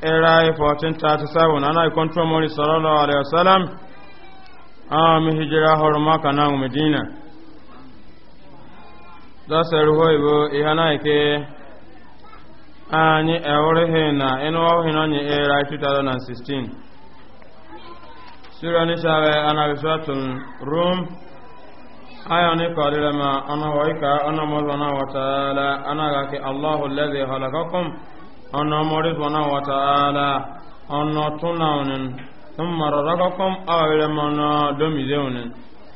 era anyị ewurihi na enuwahi na onye era 2016 sura ni sabe ana bisatun rum aya ni kodira ma ana waika ana mozana wa ta'ala ana allahu alladhi khalaqakum أنا مريض وتعالى أنا تناون ثم رزقكم أول من دمزون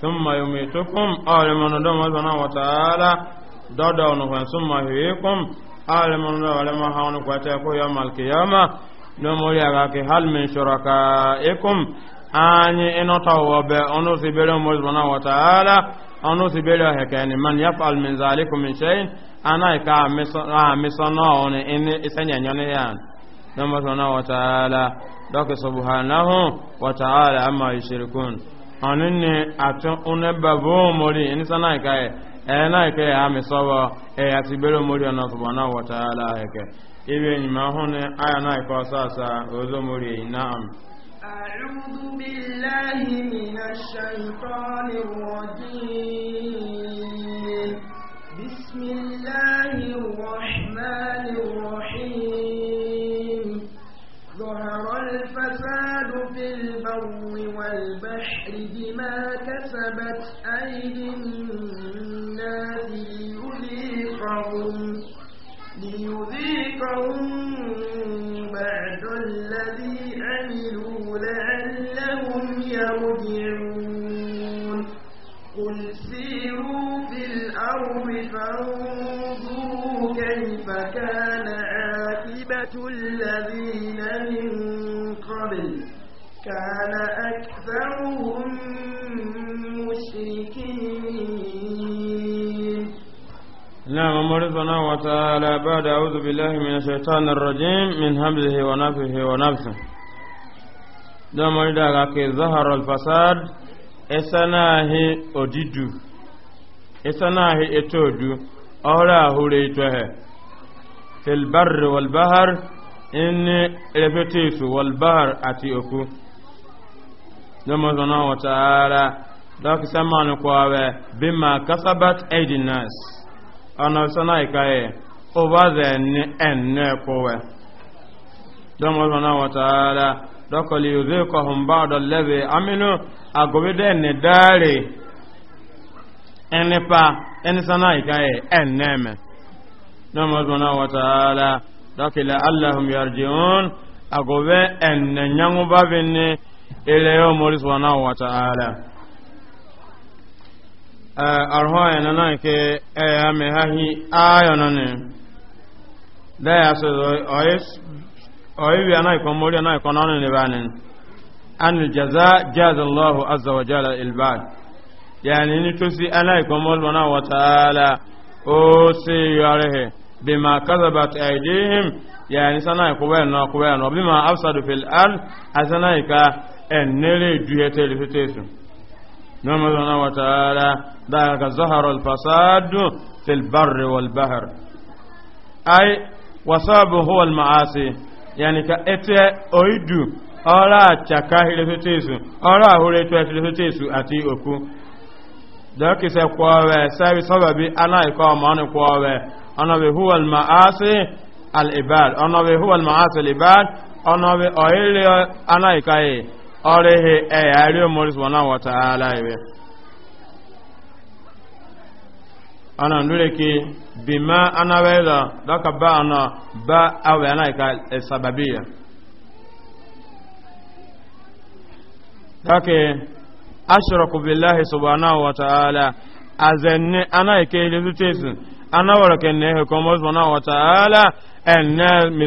ثم يميتكم أول من دمزون وتعالى ددون ثم يحييكم أول من دمزون هون كتاكو يوم القيامة نمولي أغاكي هل من شركائكم أني إنو توبة أنو سبيل مزبنا وتعالى أنو سبيل هكاني من يفعل من ذلك من شيء a anaika amisɔnɔ ɔni ini isɛnyɛnyɔni yan nɔmɔsɔnɔ wataala dɔki subuhanahu wataala ama yusirikun ɔni ni ati une babu mori ini sanaika ye ɛnaika e ye amisɔbɔ ɛyɛ e ati bere mori ɔnɔ subuhanahu wataala heke ibi enyima huni aya naika ɔsaasa ozo mori e, naam. أعوذ بالله من الشيطان الرجيم بسم الله الرحمن الرحيم ظهر الفساد في البر والبحر بما كسبت أيدي سبحانه وتعالى بعد أعوذ بالله من الشيطان الرجيم من همزه ونفه ونفسه دم لك ظهر الفساد إسناه أجد إسناه أتود أولا هوليته في البر والبحر إن رفتيس والبحر أتيوكو دم سبحانه وتعالى ذاك سمعنا قوة بما كسبت أيدي الناس ọ̀nà sọ́nà ìkáyẹ̀ ó bá zẹ̀ ní ẹ̀nà ẹ̀kọ́ wẹ̀ dọ́mọ́sọ̀ náà wọ́n tààrà dọ́kọ̀lì òzè kọ̀hùn bá ọ̀dọ̀ lẹ́bẹ̀ amínú àgọ́bídẹ́ ní dáàrè ẹnipa ẹni sọ́nà ìkáyẹ̀ ẹ̀nà ẹ̀mẹ̀ dọ́mọ́sọ̀ náà wọ́n tààrà dọ́kìlẹ̀ aláhùn yàrjìún àgọ́bẹ́ ẹ̀nà Eh, arhoye na nan ke eya me hi, ayo no ne da ya so oyes oyi wi anai ko mori anai ko non ne bani an jaza jaza Allah azza wa jalla al bad yani ni to si anai ko mori wana wa taala o se yarehe bima kazabat aydihim yani sanai ko wen no ko wen no bima afsadu fil ard asanai ka enere duhete lifitesu نمرنا وتعالى ذلك ظهر الفساد في البر والبحر أي وصاب هو المعاصي يعني كأتي أيدو ألا تكاهل فتيسو ألا هولي تكاهل فتيسو أتي أكو ذلك سيقوى سيبي سببي أنا يقوم أنا يقوى أنا هو المعاصي الإباد أنا هو المعاصي الإباد أنا أيلي أنا يكاهل ọrịghị ẹ̀yàrí omoris wọn náà wọ̀ta aláìwẹ̀ ọ̀nà a kí bí má anáwẹ̀ lọ lọ́kà bá ọ̀nà bá awẹ̀ aláìka ẹ̀sàbàbíyà lọ́kì aṣọ́rọ̀kù bí láhì sọ̀bọ̀ náà wọ̀ta alá azẹ̀ni anáìka ilé tútẹ́sì anáwọ̀rọ̀kẹ̀ ní ẹ̀kọ́ omoris wọn náà wọ̀ta alá ẹ̀nẹ́ mi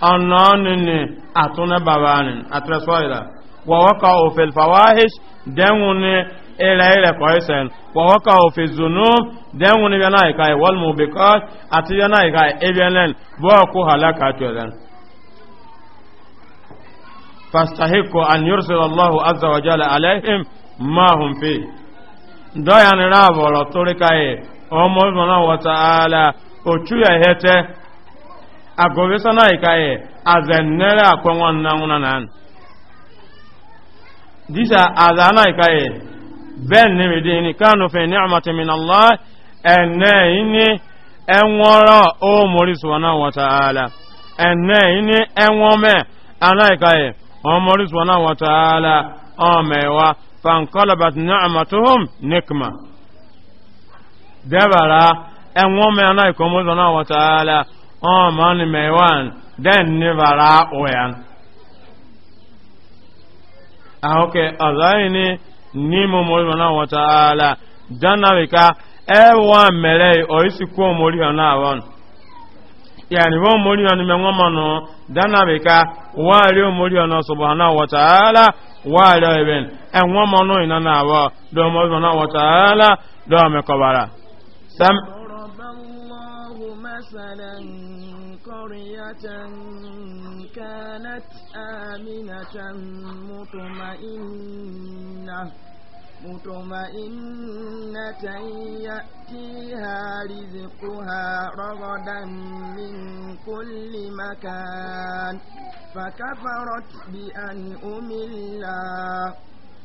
annanini atuna babanin atresoila wa waka ofil fawahish denwuni ila ila koisen wa waka ofil zunub denwuni yana ikai wal mubikat ati yana ikai ebenen bo ku halaka tuelen fastahiku an yursila Allahu azza wa jalla alaihim ma hum fi doyan rabolo torikaye omo subhanahu wa ya hete agobesa na a ikaye azennere akwenwan na nwuna na disa azana ikaye ben ne mede ni kanu fe ni'mati min Allah enne ini enworo o mori subhanahu wa ta'ala enne ini enwome ana ikaye o mori subhanahu wa ta'ala o mewa fankalabat ni'matuhum nikma Debara enwome ana ikomo subhanahu wa ta'ala ọ ma ni maiwan den never bara oyan ahoke as i mo mo na wa taala dana wika e wa mere o isi ku mo ri na awon ya wo mo ri ni me ngoma no dana wika wa ri mo ri na subhanahu wa taala wa ri ben ina na na do قرية كانت آمنة مطمئنة مطمئنة يأتيها رزقها رغدا من كل مكان فكفرت بأنعم الله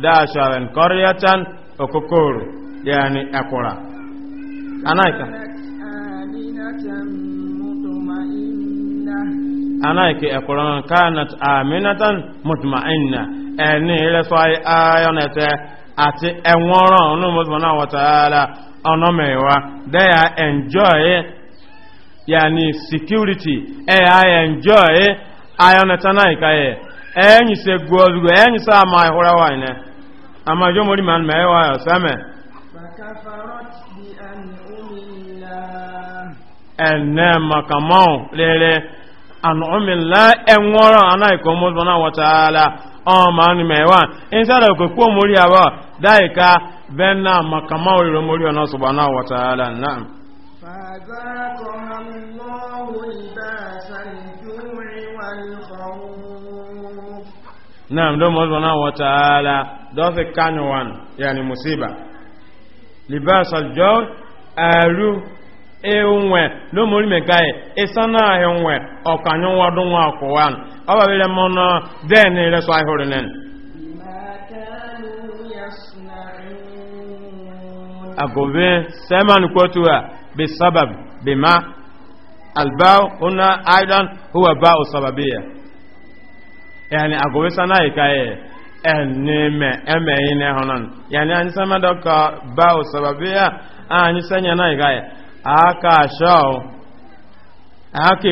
ndị asọgho kọrọ ihe ta okokoro ya na ekula ana ike ekula na ka na amịnị ta mutụma ịn na enyi na ịletha ịnọ ati enworan onye ọ bụla ịweta ndị ọ nọme iwa ndị ya njoye ya na sikuriti eya ya njoye ayọnetana ika ya eyi nyị se gwo gwo eyi nyị se ama ikhụrụ ịwa amma jo mori man me wa same fakafarat bi an umilla enne makamau lele an umilla enworo ana iko mo zona wa taala o man me wa insara ko ko mori awa dai ka benna makamau ro mori ona subhanahu wa taala na'am dɔɔfi kanu wan yani musiba libas aljɔr aru ewuwɛ lomori mɛka yi isana ahewuwɛ ɔkanyo wadun wa kuwan ɔba bi lɛ mɔnɔ dɛɛ ni lɛ sɔ ahori nɛn. agobe sɛman kotu a bi sabab bi ma albaw huna aidan huwa ba o sababiya yani agobe sana yi ka yi. enime emeghị na ịhụnan yani anyị sama dọka bao sababiya anyị sanya na ịgaghị aka shọọ aka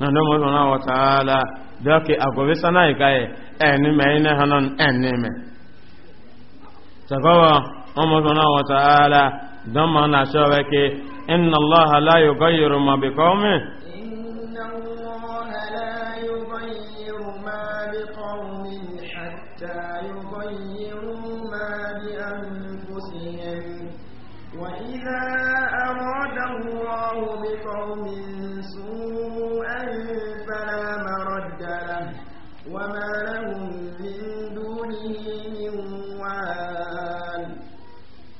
na ndị mmadụ na wataala dọka agwabisa na ịgaghị enime na ịhụnan enime sagawa ọmọdụ na wataala dọma na shọọ eke inna allaha la yugayiru ma bi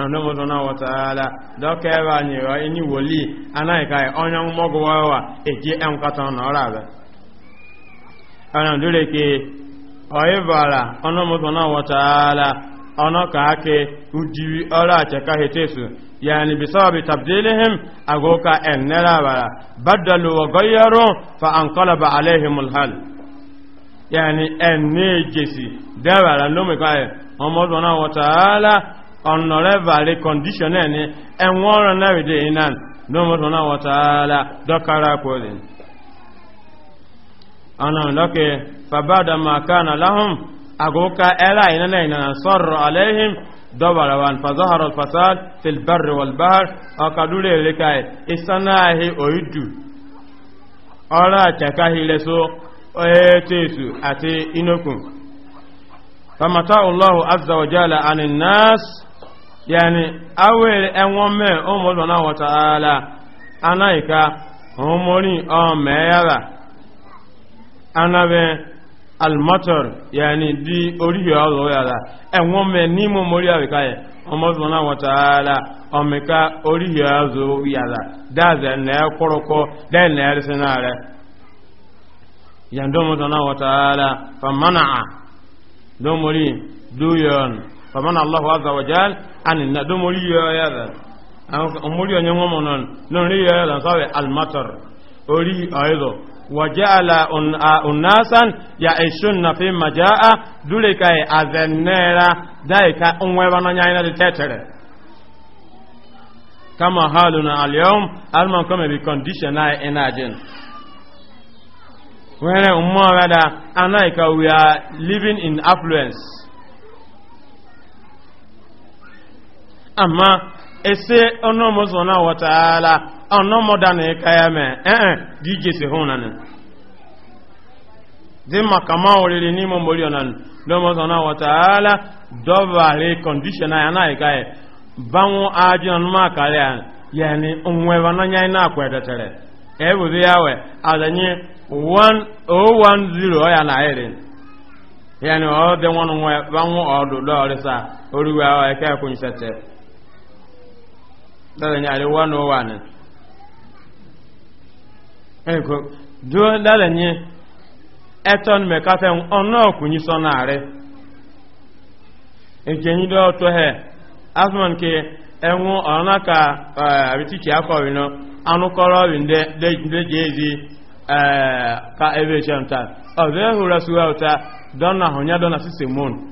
ọ̀nàmọ́ sọ́nà wọ̀tàálà dọ́kẹ́ ẹ̀rọ ànyẹ̀rọ ẹni wòlíì anáìka ẹ̀ ọ̀nyà mọ́gọ́wọ́wà èjì ẹ̀mkátọ̀ nọ́ọ̀rọ̀ rẹ̀ ọ̀nà dúró ke ọ̀yẹ́bàrà ọ̀nàmọ́ sọ́nà ujiri hetesu badalu ọ̀nọ̀rẹ́bàrí kọndíṣọ̀nà ẹni ẹ̀wọ̀n ọ̀rọ̀ náà rèdè iná lọ́mọ̀tò náà wọ̀tàálà dọ́kàrà pọ̀lì ọ̀nà lọ́kẹ̀ fàbádà màkánà láhùn àgókà ẹ̀là ìnáná ìnáná sọ̀rọ̀ aláìhìm dọ́bàrà wọn fàzọ́hàrọ̀ fasad tilbarri walbahar ọ̀kadúrẹ̀ rẹ̀kàì ìsanáàhì òyìdù ọ̀rọ̀ àtẹ̀káhìlẹ́sọ ati àti kamata فمتاع الله عز وجل عن الناس yani awere enwon me o mo dona wa taala anaika o mori o meyara anabe almatar yani di oriyo awo yara enwon me ni mo mori abika ye o mo dona azo yara daze na ekoroko den na ersinare yando mo na wa famana duyon فمن الله عز وجل أن الندم لي هذا أمولي أن يوم نن لي هذا صار المطر أولي أيضا وجعل أناسا يعيشون في مجاء ذلك أذنيرا ذلك أموانا نعينا لتتره كما حالنا اليوم المن كما بكونديشن إناجين Where Umar Rada, and like we are living in affluence. amma ese ọnụ na wataala ọnụ na ịka ya mee ee dije si hụ na dị maka ma oriri n'ime mgbori ọna ndị na wataala dọbara kọndishọn ya na ịka ya banwụ ajị ọnụma karịa ya ni onwere n'anya na akwa edetere ya we adanye oh, ya na ya ọ dị nwanụ nwe banwụ ọdụ dọrịsa oriwe ya kwenyesete dala nyaare wano wane e ko do dala nye eton me ka fe ono kunyi sonare e jenyi do to he asman ke enwo ona ka abiti ki akọ wi no anu koro wi nde de jezi ka ebe chanta o ve hu rasuwa uta dona honya dona mụnụ.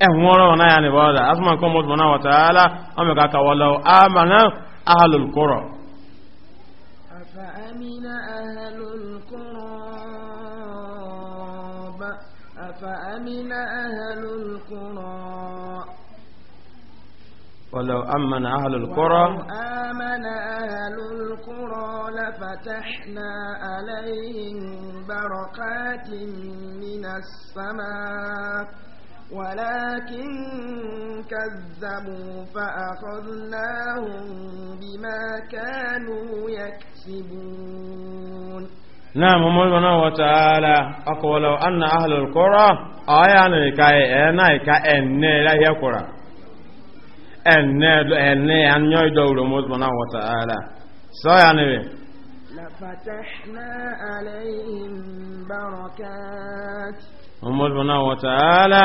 ehworo na ya ni boda asma ko mo na wa taala o me ka ka wala amana ahlul qura afa amina ahlul qura afa amina ahlul qura ولو أمن أهل القرى آمن أهل القرى لفتحنا عليهم بركات من السماء ولكن كذبوا فأخذناهم بما كانوا يكسبون نعم مولانا وتعالى لو أن أهل القرى أنا كاي أنا كاي أنا لا يقرأ أنا أنا أن يدور مولانا وتعالى أنا لفتحنا عليهم بركات أنا سبحانه وتعالى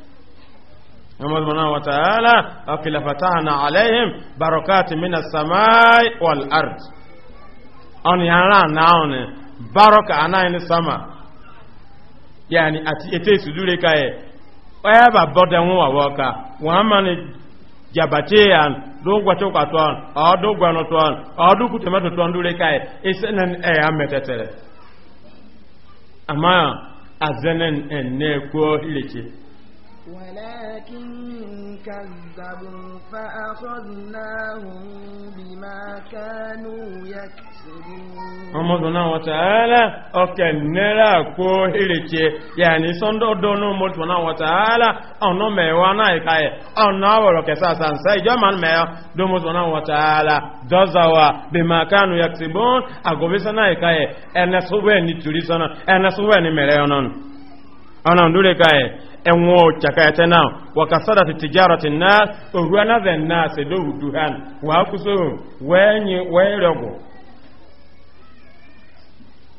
Muhammad subhanahu wa ta'ala akila fatahna alaihim barakati minas samai wal ard on yara naone baraka anaini sama yani ati ete sudure kae oya ba bode won wa woka wa mani jabate yan do gwato ka ton o do gwano ton o do kutema to ton dure kae isenan e ametetere ama azenen en ne ko hileche ولكن كذبوا فأخذناهم بما كانوا يكسبون ọmọdúnà wọn tààlà ọkẹ nẹ́rà kó hìrìkì yàní sọ́ndọ̀dọ́nù mọ́túnà wọn tààlà ọ̀nà mẹ́wàá náà ìka ẹ̀ ọ̀nà àwọ̀rọ̀ kẹsà sàǹsẹ́ ìjọba mẹ́wàá dọ́mọdúnà wọn tààlà dọ́zàwà bímàkánù yàtìbọ́n àgọ́bísẹ́ náà ìka ẹ̀ ẹ̀nẹ́sọ́wẹ́ ní tùrísọ́nà ẹ̀nẹ́sọ́wẹ́ ní mẹ́rẹ́ ọ̀nà. ana ndure kae enwo chakayete na wakasada tijarati nas oruana the nas do duhan wa kuso wenyi werogo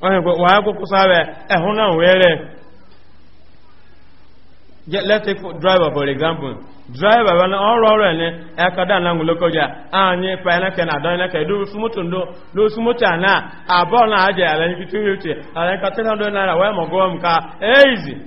ọ̀hìnkò wà ákò kó sáàrẹ̀ ẹ̀hún náà wẹ́rẹ̀ let's take driver for example driver wọn na ọrọ̀ ẹni ẹ̀kọ́dá náà lókọjá ààyè pẹ̀lẹ́kẹ̀ náà dánilẹ́kẹ̀ ala súnmọ́tà náà ala náà jẹ́ àlẹ́yìn 250 àlẹ́yìn 300 naira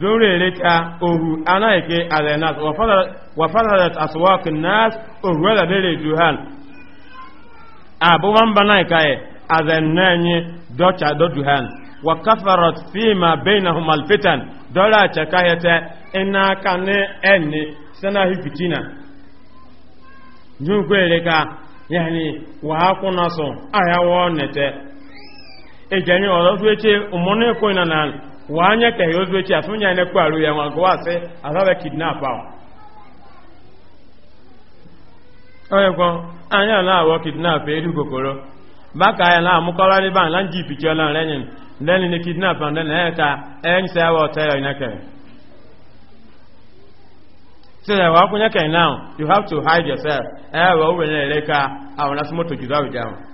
dore reta ohu anaike alenas wa fadalat aswaq nas ohu ala bere juhan abuwan banaika e azennanye docha do juhan wa kafarat fima bainahum alfitan dola chakahete ina kane enni sana hifitina junkwe reka yani wa hakuna so aya wonete ejanyo odo tueche umone ko inanan wanya ka ya ozu echi asụ nya nekwu arụ ya nwa gụwa asị asabe kidnap ahụ onyekwọ anya na-awọ kidnap elu kokoro baka ya na-amụkọrọ ndị ban lanji ipichiola nrenyin ndeni ni kidnap and then e, e, ya ka enyi sa yawa ọta ya inakere so that wakụnye ka now you have to hide yourself ewe uwe na-ere ka awụ na smoto jido abụja ahụ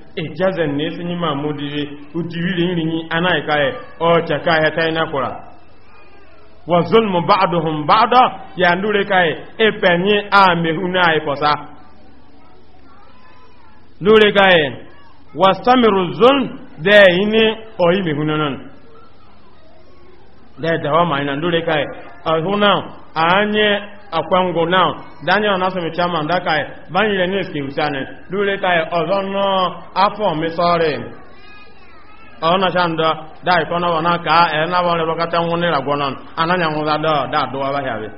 ejazen eh, na esinyi ma mudiri utiriri nrinyi anaghị kaghị ọcha kaghị ta ina kwara wa zulmu ba'duhum ba'da ya ndure kai epenyi a mehuna ai posa lure kai wastamiru zulm de ini oyi mehuna nan de dawa mai nan lure kai ahuna anye akwango now daniel nasumi chairman dakai banyere news kewusani lule kai ọzọ nnọọ afọ misọrị ọna chanda dai kọna wana ka e na wọn lọ kata wọn nira gọnan ananya wọn da da da do wa ya be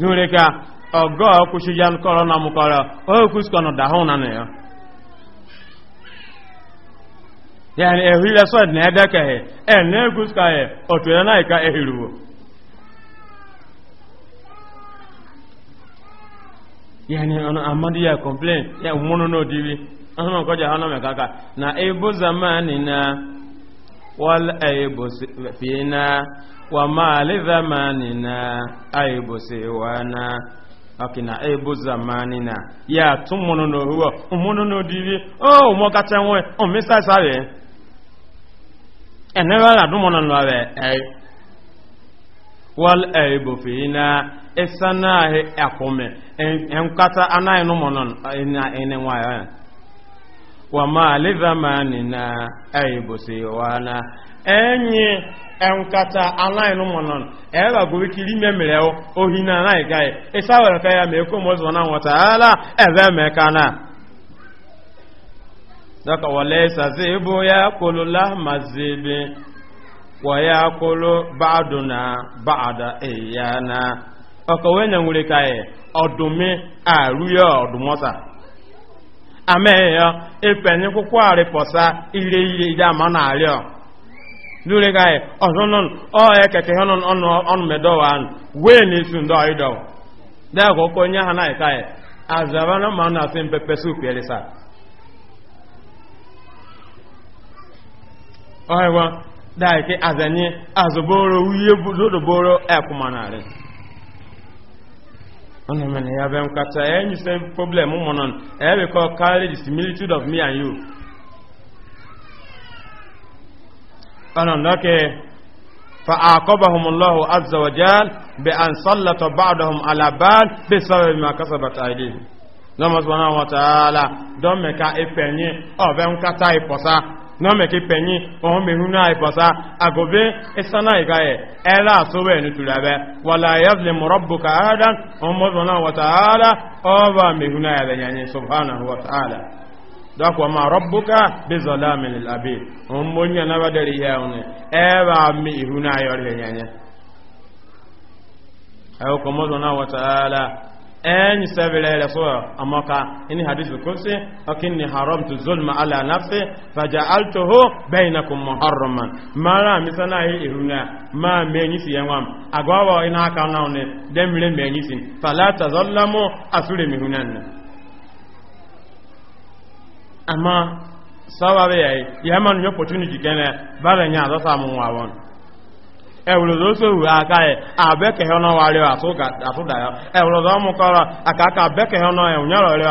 lule ka ọgọ kushi jan kọrọ na o kusko da hon na ya. yani ehwile so na edeke e en e, e, ne kuska he otu na ka ehiruwo yani ana amadu ya complain ya umunu no diwi ana ko ja hana me kaka na aibu zamanina wal aibu fina wa ma li zamanina aibu siwana akina aibu zamanina ya tumunu no huwa umunu no diwi oh mo ka tenwe o mi sa sa re enera la dumona no re ai eh. wal aibu fina esanaghị akwụme nkata anaghị n'ụmụ nọ ene nwanyị ya wama livamani na ayibosi na enyi nkata anaghị n'ụmụ nọ ebe agụrụ kiri ime mere ohi na anaghị gaghị ịsa were ka ya ma ekwe mụzụ na nwata ala ebe emeka na dọka wale sazi bụ ya kolula mazibi wa ya kolo ba'adu na ba'ada iyana ọkọ̀wé yẹn nwere ka yẹ ọ̀dùnmí àrúyọ ọ̀dùnmọ́sà amẹ́yẹyọ ìfẹ̀yìn kókó àrẹ̀pọ̀sá ilé ilé ama àmọ́nà àrẹ́ọ̀ lórí ka yẹ ọ̀sán ọ̀ẹ́ kẹ̀kẹ́ ọ̀nùmẹ̀dọ́wà wéè ní ìsúndọ̀ ìdọ̀ dẹ́kọ̀ kó nyẹ́ hàn náà ìka yẹ azabana mọ́nà sí pẹpẹ sóòpì ẹ̀rẹ́ sá ọ̀ẹ́wọ́n dáìkí azẹ̀yìn azọ̀bọ̀rọ̀ wúyé lódòbọ̀rọ̀ ẹ̀kùnmọ̀ náà rẹ̀ Only man, I have been cut. Any problem, woman, I have called carry the similitude of me and you. And on that, فأعقبهم الله عز وجل بأن ń kátà ìpọ̀sá na meke penyi o me huna ipasa agobe esana igaye era sobe ni tulabe wala yazlimu rabbuka ahadan o mozona wa ta'ala o ba me huna ya nyanye subhanahu wa ta'ala dakwa ma rabbuka bi zalamin lil abid ẹni sẹ́bẹ̀rẹ̀ rẹ̀ sọ́rọ̀ ọmọka inú hadith kúrúsí ọkín ni haram tu ala nafsi fàjà altoho bẹ́ẹ̀nakun muharraman mara mi sana yi iruna ma mẹ́yìn sí yẹnwàm agọ́wọ̀ iná aka náà ni dẹ́mìrẹ́ mẹ́yìn sí falata zọ́lámọ́ asúrẹ̀ mihunan ni amma sáwàbẹ̀ yẹ́ ní opportunity ewurozo sowu aka ị abekehe ọnọ warịọ asụda ya ewurozo ọrụ aka aka abekehe ọnọ ya ụnyarọ rịọ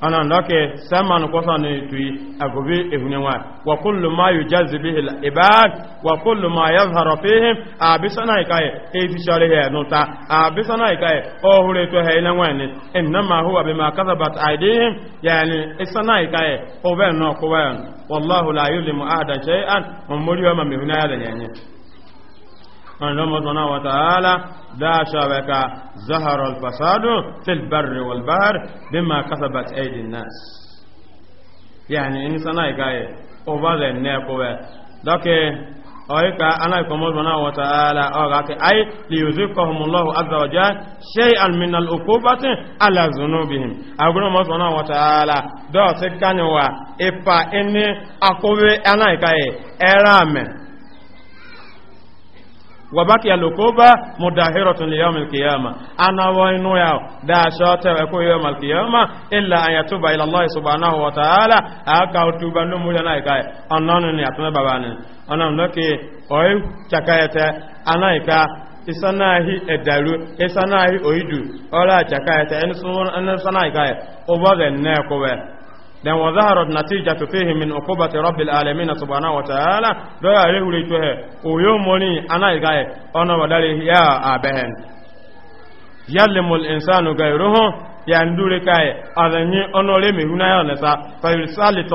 ana ndake saman kosa ne tuyi agobe ehunenwa wa kullu ma yujazzi bihi al-ibad wa kullu ma yazharu fihim abisana ikaye efi shari he nuta abisana ikaye ohure to he ile wani innama huwa bima kasabat aydihim yani isana ikaye obe no ko wa wallahu la yulimu ahada shay'an umuri wa ma mihuna ya da yanyi اللهم سبحانه وتعالى لا شبك ظهر الفساد في البر والبحر بما كسبت أيدي الناس يعني إن سنة كاي أوفر النيكو لكن ọ̀ríkà aláìkọmọ́sọ̀nà wọ̀ta ààlà ọ̀rà kí ai lè yóò zíkọ̀ ọmọlọ́wọ̀ azọ̀já ṣe alminal okóbátí alàzùnúbìhìn wabaki alukuba mudahiratun li yawmil qiyama ana wa inu ya da shata wa ko yawmil qiyama illa an yatuba ila allah subhanahu wa ta'ala aka utuba no mu yana kai annanu ni atuna babane anan loke then wa zaharat natijatu fihi min uqubati rabbil alamin subhanahu wa ta'ala do ya re hure to he o yo moni ana igaye ona wadare ya abehen yalimul insanu gairuhu ya ndure kai azanyi onore mehuna ya nesa fa yusalitu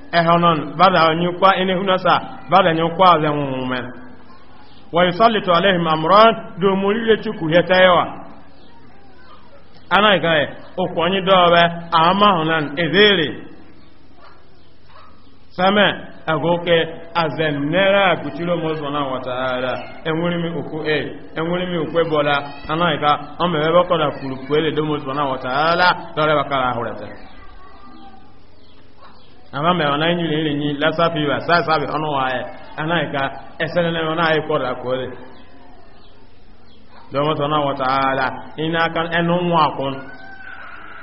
ehonon bada nyukwa ene hunasa bada nyukwa le mumen wa yusallitu alaihim amran do mulile chuku hetayewa ana gae okwonyi dobe ama honan ezere same agoke azennera kuchiro mozo na wataala enwurimi oku e enwurimi okwe bola ana ga o mebe kola kulukwele do mozo na wataala dole bakala ahurata ama mɛ ɔna nyi lere nyi lasa fi wa sa sa bi ɔno wa yɛ ana yi ka ɛsɛ nene ɔna yi kɔ da kɔle dɔmɔ ala ina kan ɛnu ŋu akun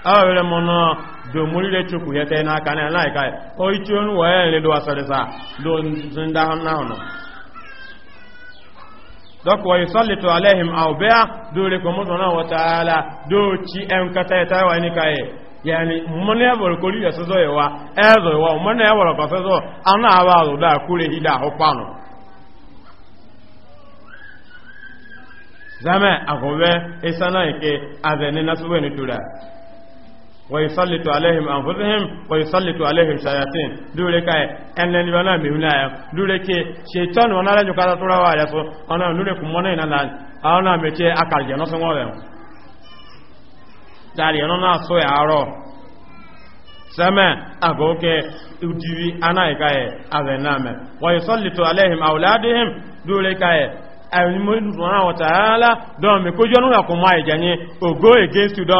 awo wɛrɛ mɔ nɔ domoli de tsoku yɛ tɛ ina kan yi ka yɛ ɔyi le do sa do nda na ɔnɔ dɔk wɔyi sɔli awo kɔmɔ do tsi yɛ ta yani mmanu ya bọrọ kori ya sọzọ ịwa ẹzọ ịwa mmanu ya bọrọ kọsọzọ ahụ zame na ni tura wa yusallitu alaihim anfusihim wa yusallitu alaihim shayatin dure kai enne ni bana mi hunaya dure ke wana la tura wa ya so ona nure kumone na na meche so ngore dari ọ̀nà na so ya sẹ́mẹ̀ àgókè ìdíwí anáìka ẹ̀ azẹ̀nàmẹ̀ wọ́n yìí sọ́lìtò aláìhìm àwòládìhìm dúró ká ẹ̀ ẹ̀yìn mọ́lùsùnmọ́ra wọ̀ta ògó ègéṣù tó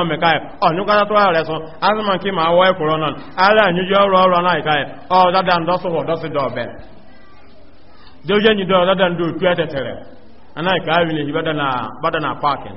sọ azùmọ̀ kí máa wọ́ ẹ̀kùrọ̀ alẹ́ àyíjọ́ ń dọ́sọ̀wọ̀ dọ́sí dọ́ọ̀bẹ̀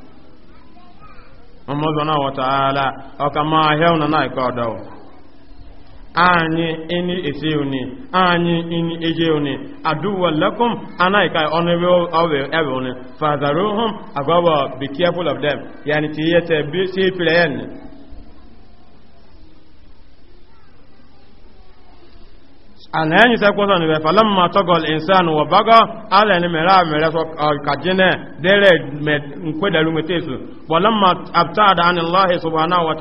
ọmọdúnà wọ̀tàálà ọkà máa hẹ́ọ̀nà náà ikọ̀ ọ̀dọ̀ anyị esi anyị ini eje oni aduwa lakum anaika ewe be careful of them yani tiyete bi si ana yanyi sai kwasa ne falan ma togol insan wa baga ala ne mera mera so uh, kajine dere me nkwe dalu metesu walan ma abtada an allah subhanahu wa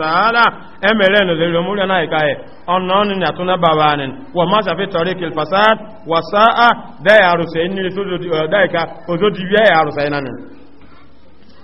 emere no zero mu na ikaye onno na tuna babanin wa fi tariq al uh, ka ozo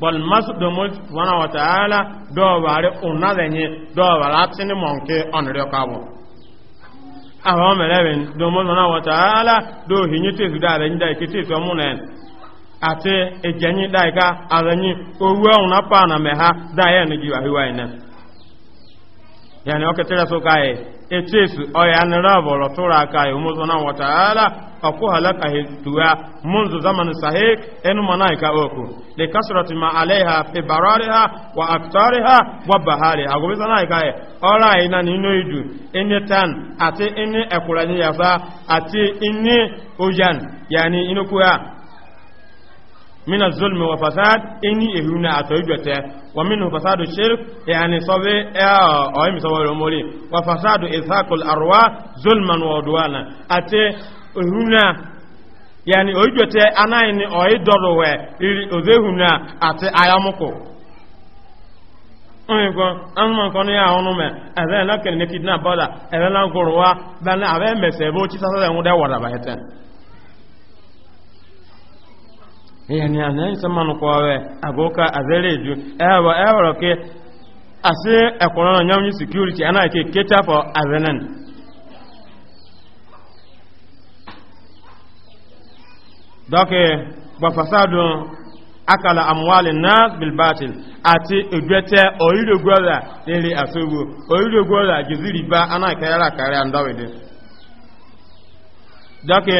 bal masudu mu subhanahu wa ta'ala do bare unadenye do balatini monke onre kawo àwọn mẹ̀lẹ́rin dọmọ́lọ́nà wọ̀tàálà dó hìnyí tí ìsúdá rẹ̀ ní dáìkì tí ìsọmú nẹ̀ àti ìjẹyìn dáìká àrẹ̀yìn owó ọ̀hún náà pàànà mẹ́ha dáyẹ̀ yani o ketira so kai echesu o ya nira boro tura kai umuzo na wa taala aku halaka hitua munzu zaman sahik enu manaika oku li kasrati ma alaiha fi ha wa ha wa bahari agobiza na kai e, ora ina ni no idu enye tan ati enye ekurani yasa ati enye ojan yani inokuya من الظلم وفساد إني إهونا أتوجته ومنه فساد الشرك يعني صبي أهم صبي الأموري وفساد إثاق الأرواح ظلما وعدوانا أتي إهونا يعني أوجته أنا إني أوي دروه إذهونا أتي أيامكو onye kwan an man kwan ya ọnụ mẹ ẹ̀rẹ́ ẹ̀lá kẹ̀lẹ̀ ní kidnap bọ́dà ẹ̀rẹ́ ẹ̀lá gọ̀rọ̀ wa bẹ́ẹ̀ ní àwẹ́ mẹ̀sẹ̀ bó tí sásẹ́ ẹ̀wọ́n dẹ́ wọ̀dà bàyẹ̀tẹ̀ yani anayin saman kwawe aboka azereju ewa ewa ke ase ekonono nyamnyi security ana ke cater for azenan doke ba fasado akala amwali nas bil batil ati ejete oyiro gwala lele asowo oyiro gwala jiziri ba ana kayara kare andawede doke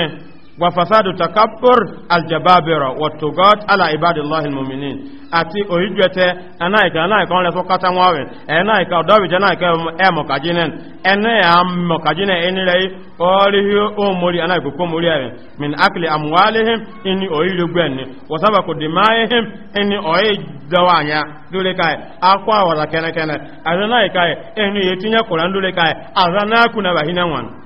wafasadu takabbur aljababira watugat ala ibadillahi almu'minin ati ohijwete anaika anaika onle so kata nwawe anaika odawi janaika e mokajinen ene ya mokajine enile orihi omori anaika ko mori awe min akli amwalihim inni oyilu gwenni wasaba kudimaihim inni oyi dawanya dole kai akwa wala kene kene anaika eni yetinye kuran dole kai azana kuna bahina wan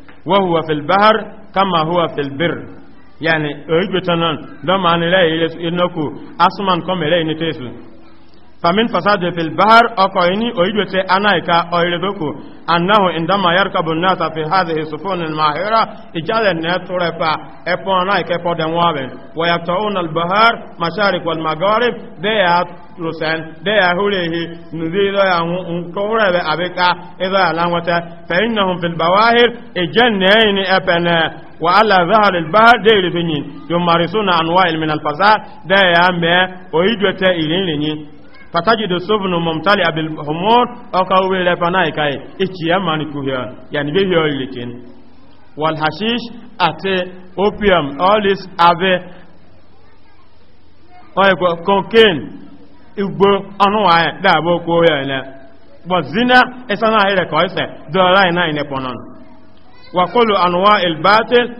وهو في البحر كما هو في البر يعني أجبتنا دم عن إليه إنكو أسمان كم إليه نتيسو famin fasadu fil bahar ọkọ̀yini oyidwete anaika ọ̀rẹ́dọ́kù annahu indama yarkabu nasa fi hadhihi sufun almahira ijale ne turefa epon anaika epo den waben wa yaqta'un albahar masharik wal magharib de ya rusen de ya hulehi nudilo ya nkore be abeka idha alamwata fa innahum fil bawahir ijannayn epene wa ala zahar albahr de rifinin yumarisuna anwa'il min alfasad de ya me oyidwete ilinlini fatajidu sufnu mumtali abil humur aka wele panai kai ichi ya mani kuhiya yani be hiyo ilikin wal hashish ate opium all this ave oye ko cocaine igbo anu wa e da bo ko ya ne bo zina esana hele ko ise do rai na ine ponon wa kulu anwa al batil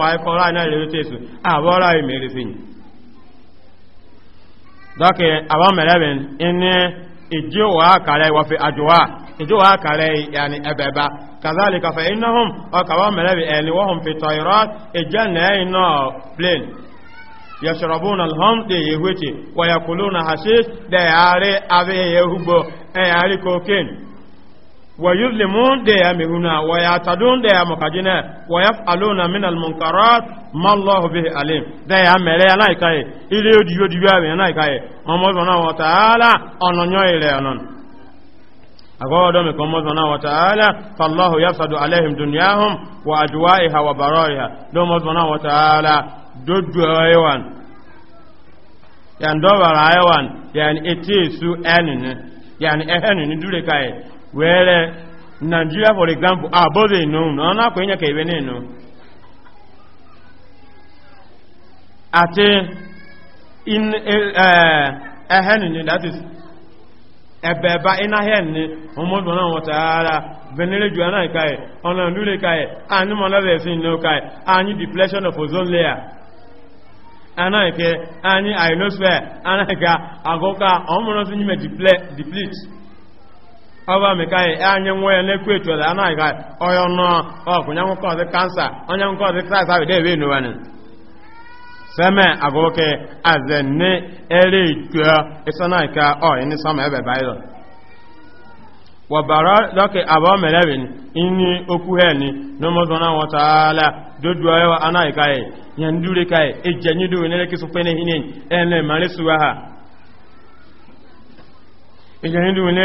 wa e ko rai na le tesu abora dɔke awon mɛlɛbin ini ijiwa kare wafi ajuwa ijiwa kare yani ɛbɛba kazali kafa inahum ɔka awon mɛlɛbin ɛli wɔhum fi tɔyɔrɔ ijɛ nɛɛ inɔ plane yasɔrɔbun alhom de yehuti wayakulun hasis ويظلمون دي أمهنا ويعتدون دي أمكجنا ويفعلون من المنكرات ما الله به عليم دي أمهلا نايكاي إلي يديو ديو نايكاي أمضنا وتعالى أنن يلي أنن agodo mi komo zona wa ta'ala fallahu yafsadu alaihim dunyahum wa ajwaiha wa baraiha do mo zona wa ta'ala dodu aywan yan do bara aywan yan etisu enene yan ehenu were eh, nigeria for example above the known ọ na-akwa inye ka ebe na-enu ati in ehenini eh, eh, that is ebeba ina henni ọmọdún náà wọ́n tààrà venere jù náà káyẹ̀ ọ̀nà ìlú lè káyẹ̀ ànímọ̀lẹ́bẹ̀ sí ìlú káyẹ̀ àní deflection of ozone layer ana ike anyị ionosphere ana ike agụka ọmụrụ sinyi me deplete ọba mekaị e, anya nwa ya na etu anaghị ka ọya ọnụ ọkụ onye ọdị kansa onye ọdị kraịst ahụ sẹmẹ ẹrẹ ọ sọmọ ẹbẹ lọ wọ̀bàrọ̀ lọ́kẹ̀ àbọ̀ mẹ́lẹ́rin inú okú ẹ̀ ni ní mọ́sánà wọn tààlà dójú ọyọ́ anáìká ẹ̀ ka dúró ká ẹ̀ ẹjẹ́ nídú ha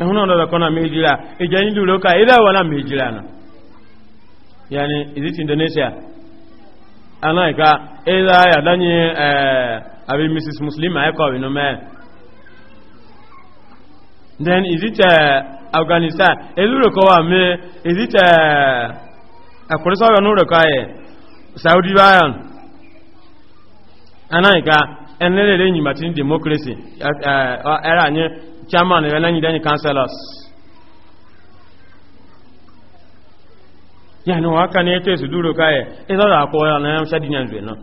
ehun ọdọ dọkọ na mejira ìjẹ yín dúró ká ilé náà mejira nà yanni is indonesia anáìka ilé àdáyé ẹ àbí mrs muslim ayẹkọ ìnú mẹ then is afghanistan elúrò wà mí is it saudi democracy chairman ìrẹ́lẹ́ ní dẹ́ni councillors yàní wọ́n ká ní ètò ìsìdúró káyẹ̀ ìsọ́dọ̀ àpọ̀ ọ̀nà ṣẹ́dínà ìrẹ́ náà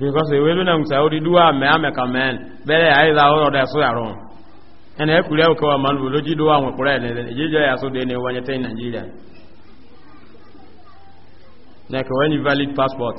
because ìwé lónà ìgbìsà orí dúwà mẹ́àmẹ́ka mẹ́ẹ̀n bẹ́rẹ̀ àìsà ọ̀rọ̀ ọ̀dẹ̀ sọ àrùn ẹni ẹkùnrin ẹ̀kọ́ wa máa ń lò lójú dúwà àwọn ìpínlẹ̀ ìjẹ́jọ́ ìyàsóde ní wọ́nyẹ́tẹ́ nàìjíríà valid passport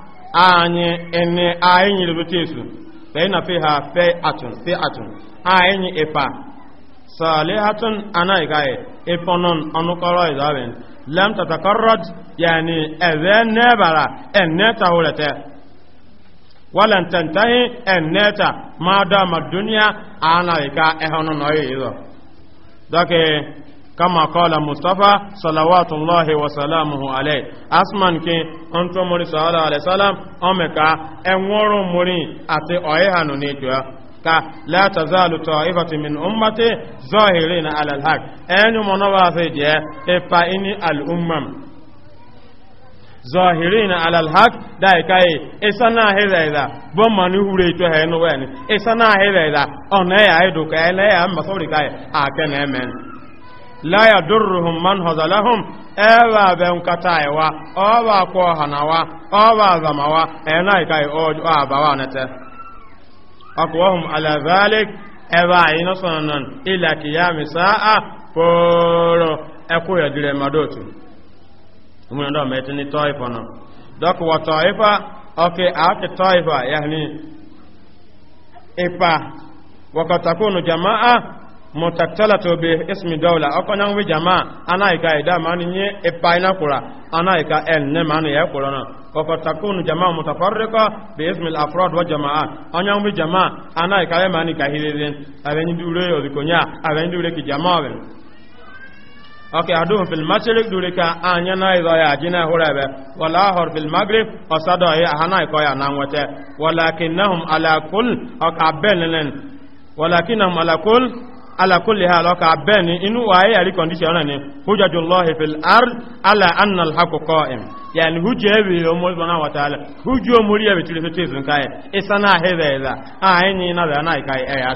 anyị ene anyị nyere bute esu sai na fi ha fe atun fi atun anyị ifa salihatun ana igaye ifonon onukoro izabin lam ya yani ebe nebara enneta hulete walan ta ma duniya oyi kama kala mustafa salawatullahi wa salamuhu alayhi asman ke onto mori sallallahu alaihi wasallam omeka enworo mori ati oyehanu ni jua ka la tazalu ta'ifatu min ummati zahirina ala alhaq enyu monowa fe je ifa ini al ummam zahirina ala alhaq dai kai isana hezaiza bon manu hure to he no wen isana hezaiza ona ya idu ka ele ya masori kai akene men la yadurruhum man hazalahum ewa be nkata ewa owa kwa hanawa owa zamawa ena ikai oju abawa nete akwahum ala zalik ewa ina sonanan ila kiyami sa'a poro eku yadire madotu mun ndo meti ni toifa na dok wa toifa okay ake toifa yani ipa wakatakunu jamaa mọ̀tàtàlà tó bẹ ẹsùn ìdáwòlà ọkọ̀ náà wí jama anáìka ìdá máa ní yẹ ipa iná kura anáìka ẹn ní máa ní yẹ kura náà kọkọ takunu jama mọ̀tàfọ́rẹ́kọ́ bẹ ẹsùn ìlàfọ́rọ́d wọ́n jama a wí jama anáìka ẹ máa ní ka hílẹ̀lẹ̀ àbẹ̀ ní dúró òdìkònyà àbẹ̀ ní dúró kì jama ọ̀bẹ̀. ok aduhu fil mashriq durika anya na ido ya jina hurabe wala hor fil maghrib qasada ya hana ko ya nanwate walakinnahum ala kull ok abelenen walakinnahum ala kull ala kulli ala ka beni inu wa ya ri condition ni fil ala anna al haqq qa'im yani hujja bi umur bana wa taala hujja umuri ya bitire tesun kai isana hebe da a ni na na kai e ya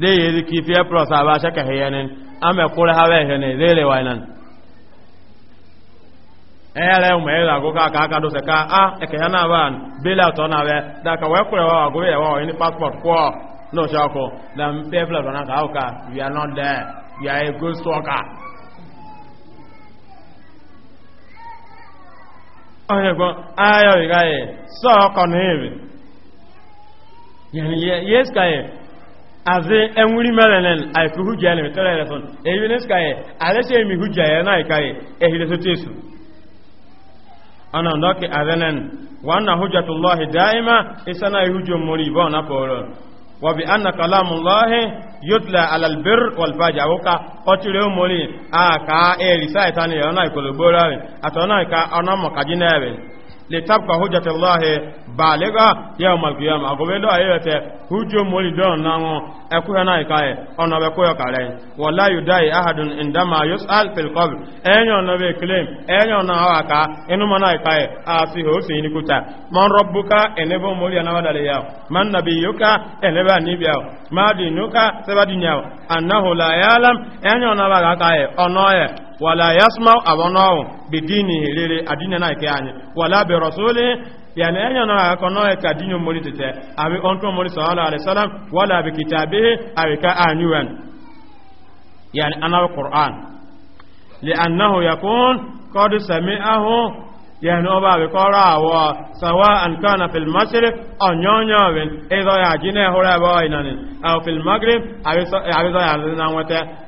de yezi kifiya plus aba shaka hiyanin ame kure hawe hene zele wainan ele umeela agoka ka aka do se ka a eke hana ban bela to ah, ah, na we da ka passport ko no shako da na ka oka you are not there you are a good stalker oh, ayọ̀ ah, azi enwuri melenen aifi hujja ne mitara ya son eyi ne suka yi alashe mi hujja ya na ikaye ehi da sote su ana ndoki azenen wannan hujjatullahi da'ima isa na yi hujjon muri ba na foro wa bi anna kalamullahi yutla alal bir wal fajr awuka otire muri aka e recite ani ona ikologbora atona ka ona mokajinere litabka hujjatullahi baligha yawmal qiyamah agobe do ayete hujjo moli don nango ekuya na ikaye ona be koyo kare wala yudai ahadun indama yus'al fil qabr enyo na be claim enyo na hawaka inu mana ikaye asi ho se ni kuta man rabbuka enebo moli na wadale ya man nabiyuka eneba ni bia ma dinuka sebadinya annahu la yalam enyo na ba kaye onoye wala yasma abonawo bi dini rere adina na ke ani wala bi rasuli yani enya na ko no e ka dinyo mori tete abi onto mori sallallahu alaihi wasallam wala bi kitabihi abi ka anyuan yani ana alquran li'annahu yakun qad sami'ahu yani wa sawa'an kana fil mashriq aw nyonya ben edo ya ba inani aw fil ya na wata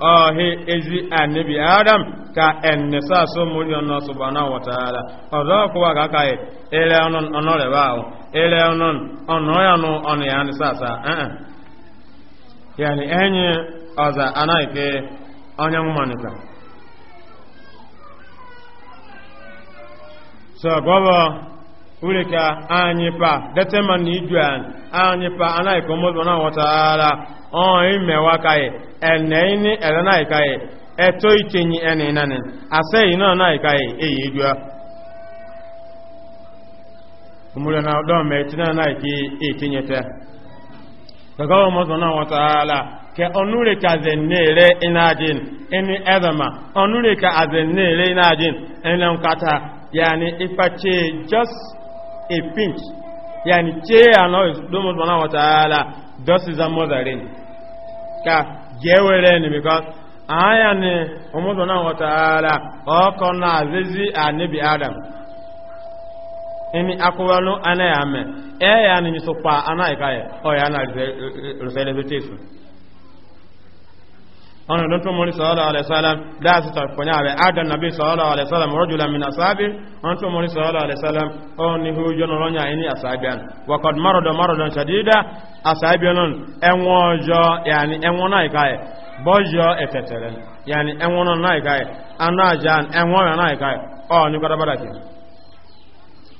ọhị ezi anabi adam ka ẹnisa sọmọlì ọ̀nà subhanahu wa ta'ala ọ̀dọ́ ọkọ̀wà kàkà yìí ilẹ̀ ọ̀nà ọ̀nà rẹ̀ báwọ̀ ilẹ̀ ahụ ọ̀nà ọ̀nà ọnụ ya ní sàṣà yàní ẹ̀yìn ọ̀zà anáìké onye mmanịka so gọbọ ka anyị pa iju anyị pa anaghị ka na ara ọ̀rin mẹ́wàá káyẹ̀ ẹ̀nẹ́ ní ẹ̀rẹ́ náà káyẹ̀ ẹ̀tọ́ ìtẹ̀yìn ẹni ìnáni àṣẹ ìná náà káyẹ̀ èyí ìjọ múlẹ̀ náà dọ́mẹ̀ ìtìná náà kí tẹ́ na e ke onure ka zennere inajin ini ezama onure ka azennere inajin ina nkata yani ifache just a pinch yani ce ya noise domin wana ka jewere ni because aya ni umudu na wataala ọkọ na azizi anibi adam ini ya anaghị ame eya ni nisokwa anaghị ka ya ọ ya na ruselebetifu e, e, e, ọ̀nà ló tún mọ́rí sọ́ọ́lọ́ alẹ́sọ́lá dáàsìtọ̀ ìpọ̀nyà rẹ̀ adam nàbí sọ́ọ́lọ́ alẹ́sọ́lá mọ́rọ́jùlá mi nàṣáàbí ọ̀n tún mọ́rí sọ́ọ́lọ́ alẹ́sọ́lá ọ̀n ni hu jọ́nà rọ́nyà ẹni àṣàbíàn wakọ̀d mọ́rọ̀dọ̀ mọ́rọ̀dọ̀ ṣàdídà àṣàbíàn ẹ̀wọ̀n ọjọ́ yàní ẹ̀wọ̀n náà ìka ẹ̀ bọ́jọ́ ẹ̀tẹ̀tẹ̀rẹ̀ yàní ẹ̀wọ̀n náà ìka ẹ̀ anájà ẹ̀wọ̀n náà ìka ẹ̀ ọ̀ ní pátápátá kìí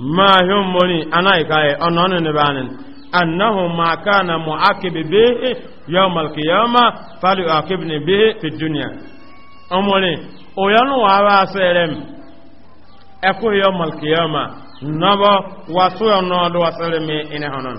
ma hum moni anai kai onon ne banin annahu ma kana muakib bihi yawm alqiyama falu akibni bihi fi dunya omoni oyanu wa wa serem eko yawm alqiyama nabo wasu ono do waseremi ine honon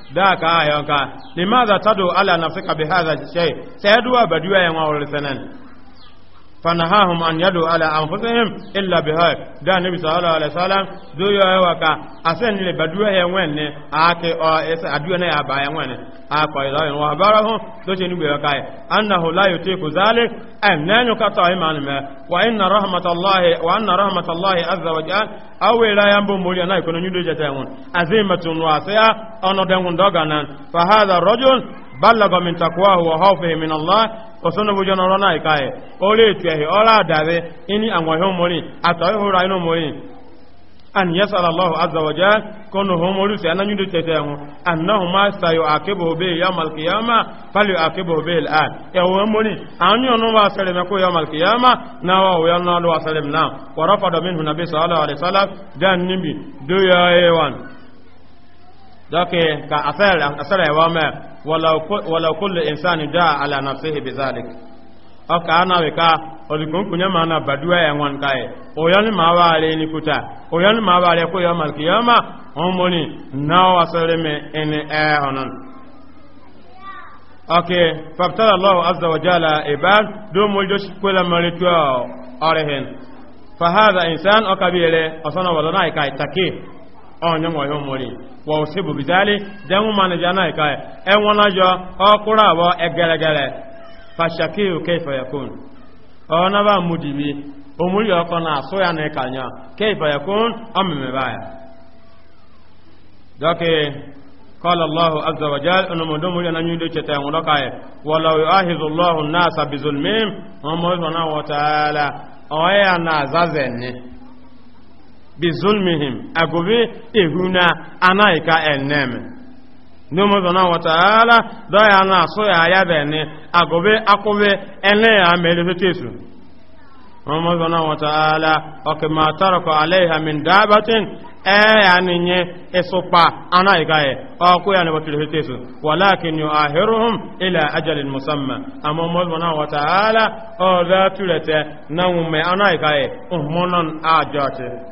daka ayonka limadha tadu ala nafsika bihadha shay sayaduwa baduwa yanwa ulisanan fanahahum an yadu ala anfusihim illa biha da nabi sallallahu alaihi wasallam do yo yawa ka asen le baduwa he wenne ake o esa aduwa na ya ba ya wenne akwa ila wa barahum do je nube ka annahu la yutiku zalik am ka ta iman ma wa inna rahmatallahi wa anna rahmatallahi azza wa jalla aw ila yambo muri na ikono nyudo jata won azimatun wa sa ono den hun fa hadha rajul balaga min takwahu wa khawfihi min Allah osono bujo no rona ikaye ore tuehi ora dare ini anwaho mori atoi hura ino mori an yasal Allahu azza wa jal kono homoru se ananyu de tete yangu annahu ma sayo akibu bi yawmal qiyama fali akibu bi al e wo moni anyo no wa sele me ko yawmal qiyama na wa wa na wa salem na wa walau kullu insani da ala nafsihi bizalik ọka ana wika odikunkunye ma na baduwa ya ngwan kai oyon ma wa ale ni kuta oyon ma wa ale ko yo mal kiyama omoni na wa sore me en e honon okay fabtala allah azza wa jalla ibad do mo do kola mari to orehen fa hada insan okabire osana wala na kai takif onye nwayo mori wa osibu bidali demu manaja na ika e jo okura abo egeregere fashakiu kayfa yakun ona ba mudibi omuri oko na aso ya na ikanya kayfa yakun ameme baya doke قال الله عز وجل لنا نيدو ونقاي ولو يؤاخذ الله الناس بظلمهم هم وتعالى نازازني bizulmihim agobe ehuna anaika ennem nomo zana wataala daya na so ya ya bene agobe akobe ene ya mele tesu nomo zana wataala oke ma tarako alaiha min dabatin e ya ninye esopa anaika e oku ya ne watile tesu walakin yuahiruhum ila ajalin musamma amma mo zana wataala o da tulete na umme anaika e ummonon ajate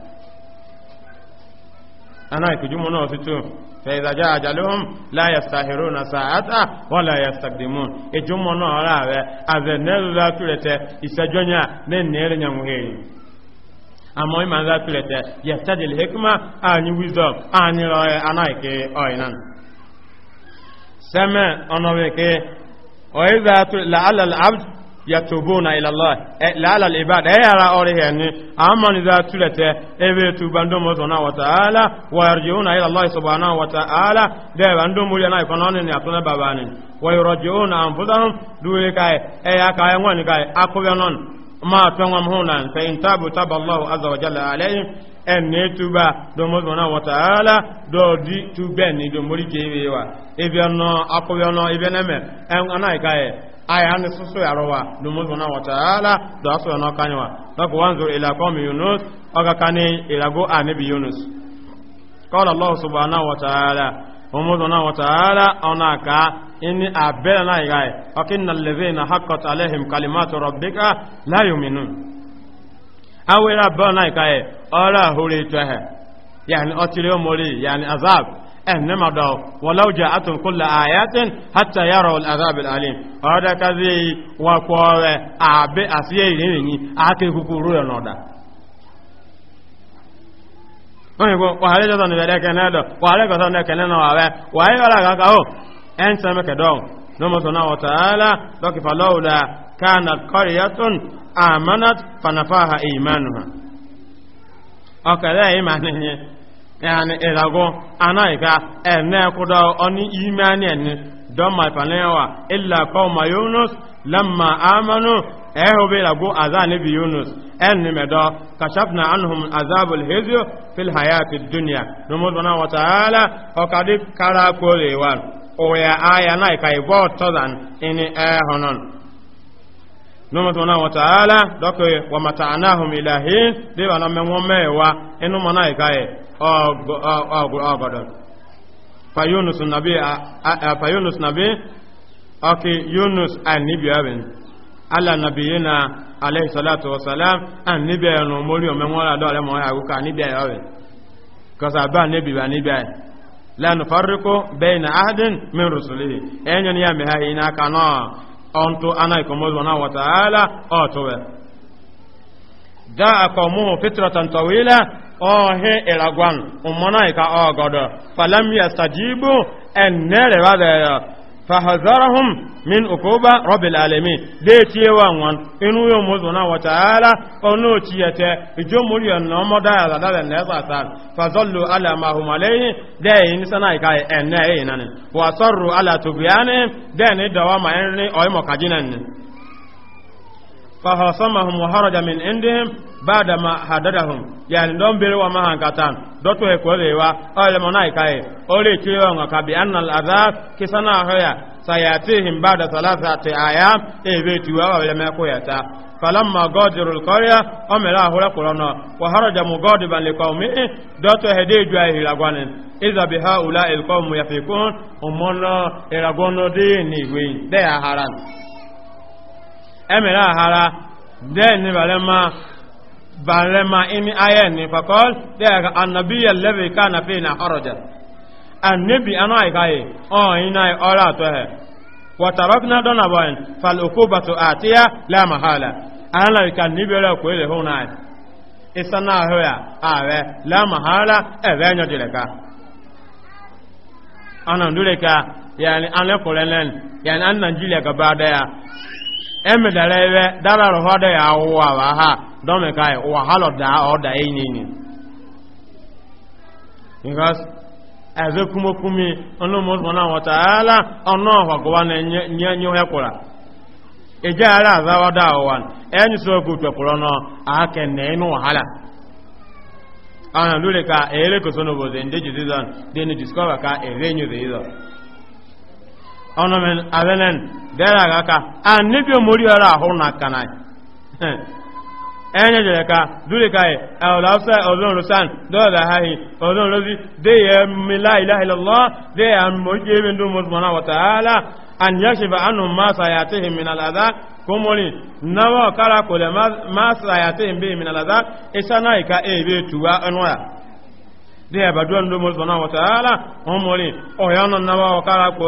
ana ikujumu náà tutu fẹ̀yìntàjá àjálóhùn láyé sàhírò na sàátà wọ́n láyé sàgbèmù ìjùmọ̀ náà rà rẹ̀ àzẹ̀nẹ́lúlá túrẹ̀tẹ̀ ìṣẹ́jọ́nyà ní nìyẹrẹ nyàmúhẹ́yìn àmọ́ ìmọ̀ ńlá túrẹ̀tẹ̀ yẹ̀tẹ́dìlì hekima àní wisdom àní rọ̀ẹ́ anáìkè ọ̀ìnan sẹ́mẹ̀ yatubuna ila Allah e, la'ala al-ibad e, ayara orihe ni amman za tulete ebe tuba ndo mo zona wa ta'ala wa yarjiuna ila Allah subhanahu wa ta'ala de bando muri na ikono ni ni atuna baba wa yarjiuna anfusahum duwe kai e ya kai ngwan kai akubya non ma tonwa fa azza wa jalla alayhi e, tuba ni wa aya ni susu yarowa lumu zuna wa ta'ala da su yana kanyawa daga wanzur ila qawmi yunus aga kane ilago anabi yunus qala allah subhanahu wa ta'ala lumu zuna wa ta'ala ona ka inni abela na igai akinna na haqqat alaihim kalimatu rabbika la yu'minun awira bana ikai ara otire omori azab ẹ̀nẹ́mà dọ̀ wọláwùjá àtùnkúnlẹ̀ àyàtín hàtà yàrá al'azábi alìm ọ̀dá ká zai wà kọ́ rẹ̀ àbẹ́ àsíyẹ̀ ìrìnrìnyí àti kúkúrú ẹ̀nà ọ̀dá oyinbo wàhálẹ́ jọ́sọ̀ ní ẹ̀dẹ́ kẹ́nẹ́ dọ̀ wàhálẹ́ gọ́sọ̀ ní yani ilago anaika ene kuda oni imani ni don ma falewa illa qauma yunus lamma amanu eho be azani bi yunus en medo kashafna anhum azabul hizy fil hayati dunya numo bana wa taala o kadi kara ko lewan o ya aya ibo tozan ini ehonon noma tuma wa ta'ala dɔkɛ wa mata'anahum ilahin de bana mɛ ŋun mɛ wa inu mana yi ka ye ɔ ɔ ɔ gɔdɔ fa yunus nabi a fa yunus nabi ɔke yunus a nibiya ala nabi yina alayhi salatu wa salam a nibiya yɛ nu mori o mɛ ŋun la dɔwɛrɛ mɔ a ko ka nibiya yɛ bɛ kasa ba nibi ba nibiya yɛ la nufariko bɛyina ahadin min rusulihi ɛnyɛn ya mɛ ha yi na kanɔ. onto ana ikomozu wana wa ta'ala otowe da akomu fitratan tawila ohe iragwan umana ika ogodo falam yastajibu enere wa fahazarahum min ukuba rabbil alamin de tiyewa wọn inu yo mo zona wa ta'ala ono tiyete ijo muri no mo da ala da ne sa ta fazallu ala ma hum alayhi de in sana ka nanin wa ala tubyani de ni dawa ma enni o fahasamahum wa haraja min indihim ba'da ma hadadahum yani don bere wa mahan katan doto e kole wa ole monai kai ole tiyo nga kabi annal adhab kisana hoya sayatihim ba'da thalathati ayam e beti wa ole me ko yata falamma gadirul qarya amala hura qurana wa haraja mugadiban liqaumi doto hede jwa hilagwanin iza bi haula alqaum yafikun umma iragono dini wi de haran emere ahara den ni balema balema ini ayen ni fakol daga annabi allazi kana fina haraja annabi ana kai o oh, ina ora to he wa tarakna dona bayan fal ukubatu atiya la mahala ana kan ni bere ko ile hona isana hoya awe la mahala ewe nyo direka ana ndureka yani an lekolen yani an najiliya gaba daya emedara ebe dara rụhọdụ ya awụwa wa ha dọmịka ụwa ha lọda ọda enyi ni because eze kumokumi ọnụ mụsụmụ na nwata ala ọnụ ọhwa gụwa na nye nye ihe kwụra eje ara azawa da ụwa enyi so okwu twekwụrụ nọ aka na ịnụ wahala ọnụ lụrụ ka ere kosonobodo ndị jizizọn dị na diskọva ka ere enyi zizọn ọnọmen abenen aka agaka anibi omori ọrụ ahụ na kana ẹnyẹ jẹrẹ ka dúró ka ẹ ọlọ́sẹ̀ ọdún rosan dọ́ọ̀dà ahì ọdún rosi déyẹ mílá ìláhìlọ́lọ́ déyẹ àmójì ewé ndó mọ́tòmọ́nà wọ̀tàálà àníyàṣẹ́fà ánù máa sàyàtìhì mìnàlàdá kómọ́lì náwọ̀ kára kò lẹ̀ máa sàyàtìhì bí mìnàlàdá ìsáná ìka èèbè tùwá ẹnuwà déyẹ bàdúrà ndó mọ́tòmọ́nà wọ̀tàálà kómọ́lì ọ̀yọ́nà náwọ̀ kára kò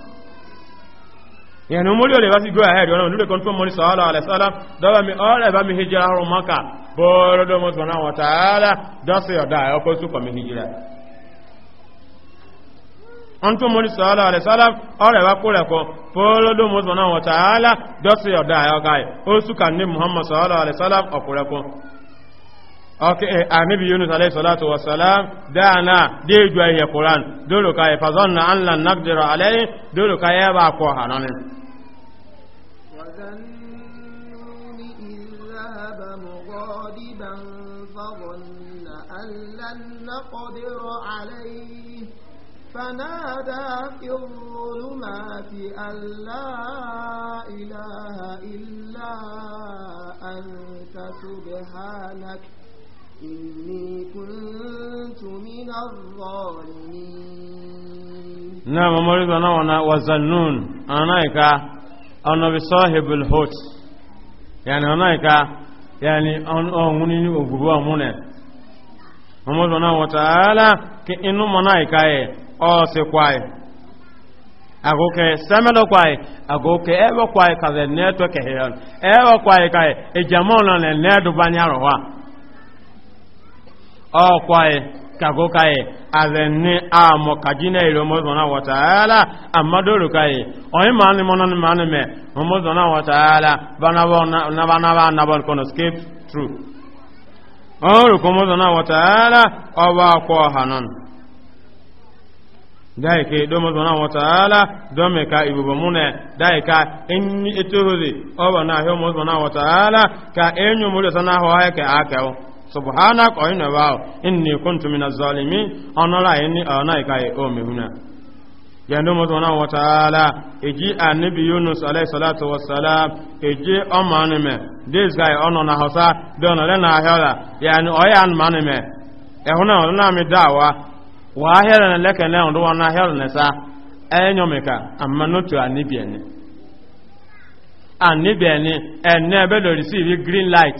yẹn ni mori o sí go ahead ọ̀nà olùdó kan tó mọ́ni sọ́ọ́lá alẹ́sọ́lá dọ́wọ́ mi ọ́rẹ́ bá mi hijira ọrùn mọ́ka bọ́ọ̀rọ̀ dọ́mọ́ sọ náà wọ́n tààlà dọ́sẹ̀ ọ̀dà ọkọ̀ tó kọ̀ mi hijira ọ̀n tó mọ́ni sọ́ọ́lá alẹ́sọ́lá ọ̀rẹ́ bá kúrẹ̀ kọ bọ́ọ̀rọ̀ dọ́mọ́ sọ muhammad sọ́ọ́lá alẹ́sọ́lá ọkùrẹ́ kọ ọkẹ́ eh, àníbi yunus aláìsọ́látò wasalam dáadáa déèjọ ẹ̀yẹ koran dóòlù káyẹ fàzọ́nà ánlá nàgbèrò aláì dóòlù káyẹ bá kọ ذا النون إذ ذهب مغاضبا فظن أن لن نقدر عليه فنادى في الظلمات أن لا إله إلا أنت سبحانك إني كنت من الظالمين نعم مريض نعم، أنا وزنون أنا إكا ọ̀nà bí sọ́hìbìl hot yàni ọ̀nà ìka yàni ọ̀hún nínú ògùnbó ọ̀múnẹ̀ ọmọdé náà wọ̀tàálá kí inú mọ̀nà ìka yẹ ọ̀sẹ̀ kwáyé agoke sẹ́mẹ́lọ kwáyé agoke ẹwọ kwáyé kàzẹ̀ ka kẹhìyàn ẹwọ kwáyé na ìjàmọ́ ọ̀nà nẹ́ẹ̀dùbányàrọ̀ wa kago kaye azenne amo kajina ilo mozona wa amadoro kaye oyi mani monani mani me mozona wa taala bana kono skip through oru ko mozona wa taala oba ko hanan dai ke do mozona wa taala do me ka ibubo a dai ka na ka enyu subhanak ọ̀yìn na wa inni kuntu min azalimin ọ̀nọ́ra yìí ní ọ̀nà ìka ìkó mihuna yẹnu mọ́tò náà wọ́n tààlà èjì àníbi yunus aláìsọ́láàtò wọ́sálà èjì ọmọ anìmẹ̀ guy ọ̀nà na hausa dọ̀nà lẹ́nà ahẹ́ọ̀là yẹnu ọ̀yà anìmẹ̀ ẹ̀hún náà mi dá wa wà ahẹ́ọ̀là na lẹ́kẹ̀ lẹ́hùn lọ́wọ́ náà ahẹ́ọ̀là ní sá ẹ̀yọ́mìkà àmànótò àníbi green light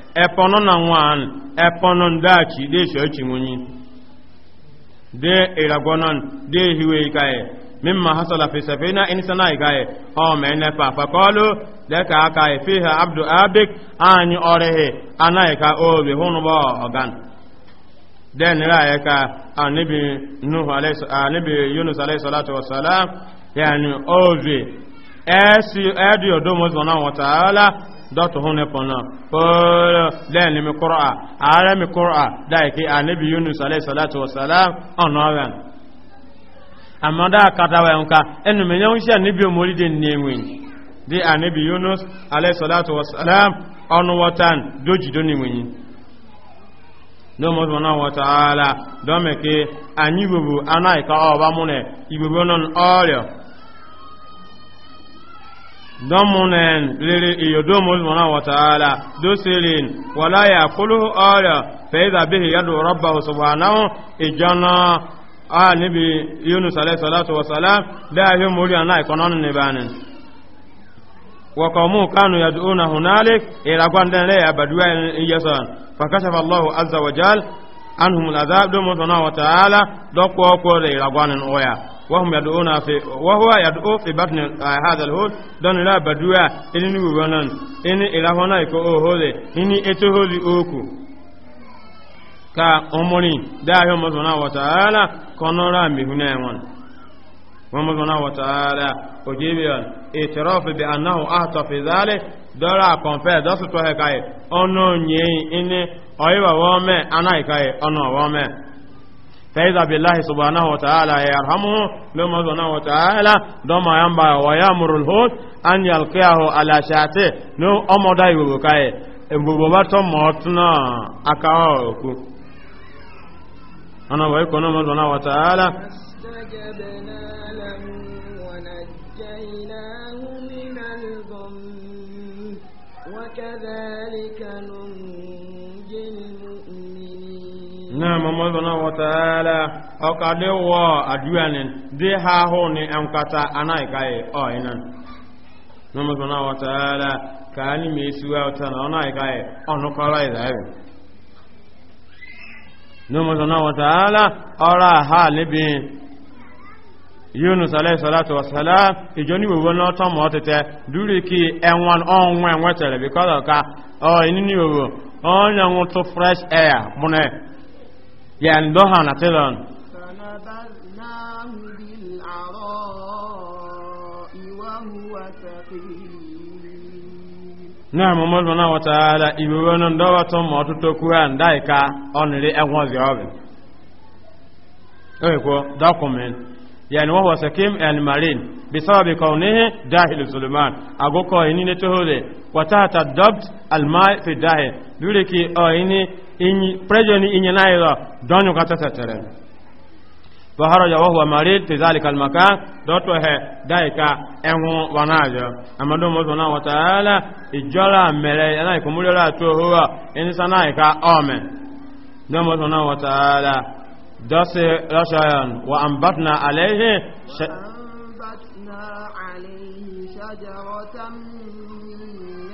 ɛpɔnɔ na ŋwan ɛpɔnɔ daakyi de sɔ ekyi mu nyi de iragɔnɔn de hiwe yi ka yɛ mimma hasala fi safina in sana yi ka yɛ ɔn mɛ ne fa ka ka yɛ fi ha abdu abik anyị ɔrihi ana yi ka o bi hunu bɔ ɔgan nira yɛ ka anibi nuhu alayhi anibi yunus alayhi salatu ya salam yanni o bi ɛsi ɛdi o domo zɔnna wa taala. dɔtɔ hone pɔnɔ pɔɔlɔ lɛɛni mi kɔrɔ a aara mi kɔrɔ a daiki anabi yunus alayhi salatu wa salam ɔnɔ wɛn amma da kata wɛn ka ɛnu mi nyɛn hyɛ ne omori de nneewin di anabi yunus alayhi salatu wa salam ɔnɔ wɔtan doji do ne wɛnyin domo subhanahu wa ta'ala dɔmɛ ke anyi gbogbo anayi ka ɔba mu nɛ igbogbo nɔn ɔɔlɔ domunen lere iyo domo subhanahu wa ta'ala dosirin wala ya kuluhu ala fa idha bihi yadu rabbahu subhanahu ijana a nibi yunus alayhi salatu wa salam da yo muri ana ikonon ne banin wa qawmu kanu yad'una hunalik ila gwandele ya badwa yasan fakashafa allah azza wa jal anhum al'adab domo subhanahu wa ta'ala dokko ko ila gwanin oya وهم يدعون في وهو يدعو في بطن هذا الهول دون لا بدوا إن نوبنا إن إلى هنا يكو هولي إن إتهولي أوكو ka omori dahi omozona wataala konora mihuna ewon omozona wataala bi annahu ahta fi dora konfe dosu tohe kai ono nyeyi ini oyiwa wome anai kai ono wome فإذا بالله سبحانه وتعالى يرحمه لما سبحانه وتعالى دوما ينبع ويأمر الهود أن يلقيه على شاته نو أمو داي ببكاي ببباتو موتنا أكاوكو أنا نما سبحانه وتعالى فاستجبنا له ونجيناه من الغم وكذلك ننجي na mamadu na wataala ọkadị wọ aduanin dị ha ahụ ni nkata anaghị kaghị ọinan mamadu na wataala ka anyị ma esiwa ụta na ọ naghị kaghị ọnụkọrọ ịzaghị mamadu na wataala ọrụ aha alibi yunus alayhi salatu wa salam ijo ni wewe na ọtọ ma ọtịtẹ duru ki ẹnwọn ọnwụ enwetere bikọdọ ka ọ inini wewe onye tu fresh air mụnụ يعني دوها نتلون فنبذناه بالعراء وهو سقيم نعم مولانا وتعالى إبوانا دواتم وتتوكوان دايكا أنري أغوان ذيابي أيكو دوكومين يعني وهو سقيم المرين بسبب كونه داخل الظلمات أقوكو إني نتهولي وتحت الدبت الماء في الداخل دولكي أو إني inyi prejo ni inyi na ila donyo ka tetetere wa marid fi dhalika al doto he daika enwu wanajo amadu mozona wa taala ijola mele yana ikumulira to huwa insana ika amen ndo mozona wa taala dase rashayan wa ambatna alayhi ambatna alayhi shajaratan min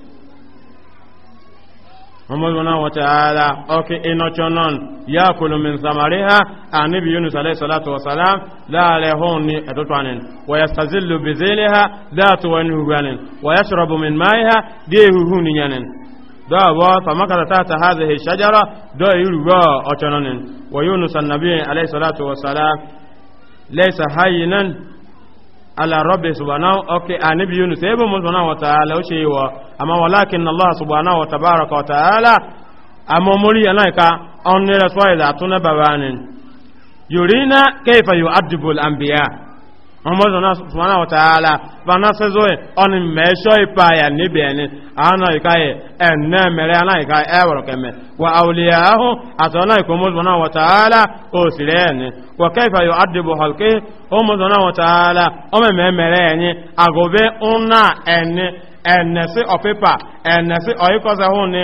mọ́mọ́sọ́nà wọ́tàálà ọkẹ́ inọ́chọ́nàn ya kùlùmín samariha a níbi yunus alaihissalatu wasalam láàrẹ hún ní ẹ̀tọ́tọ́nin wọ́yẹ sazillu bezele ha dáàtọ̀wọ́ ní huganin wọ́yẹ ṣọ́rọ̀bù min máa ha dé huhu níyanin dọ́ọ̀bọ́ famakata tata ha zai ala rabbi subhanahu okay anabi yunus ebe mun subhanahu wa ta'ala o shewa amma walakin allah subhanahu wa tabaraka wa ta'ala amma muri alaika on ne rasul mọmọdún sọmọdún àwọn tààlà fanasezo ọni mẹsọ ipa ya níbi ẹni àwọn ìka yẹ ẹnẹ mẹrẹ àwọn ìka ẹ wọrọ kẹmẹ wà àwòlíyà ahọ àtọwọn ìkọ mọmọdún àwọn tààlà òsìlẹ ẹni wà kẹfà yọ adìbò hàlùkẹ ọmọdún àwọn tààlà ọmọ mẹmẹrẹ ẹni àgọbẹ ọnà ẹni ẹnẹsí ọpípà ẹnẹsí ọyíkọsẹhùn ní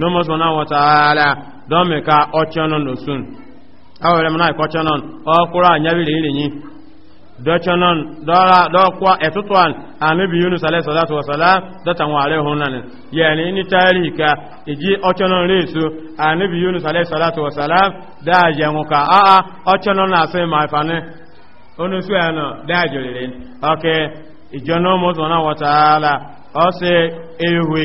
nomo subhanahu wa ta'ala don me ka ochonon do sun awore mana ko chonon o kura nyabi le yin do chonon dora do kwa etutwan anabi yunus alayhi salatu wa salam do tan wa alayhi hunan yani ni tarika iji ochonon resu anabi yunus alayhi salatu wa salam da yanguka a a ochonon na sai mai fane onu su ana da jolire okay ijono mo subhanahu wa ta'ala o se ewe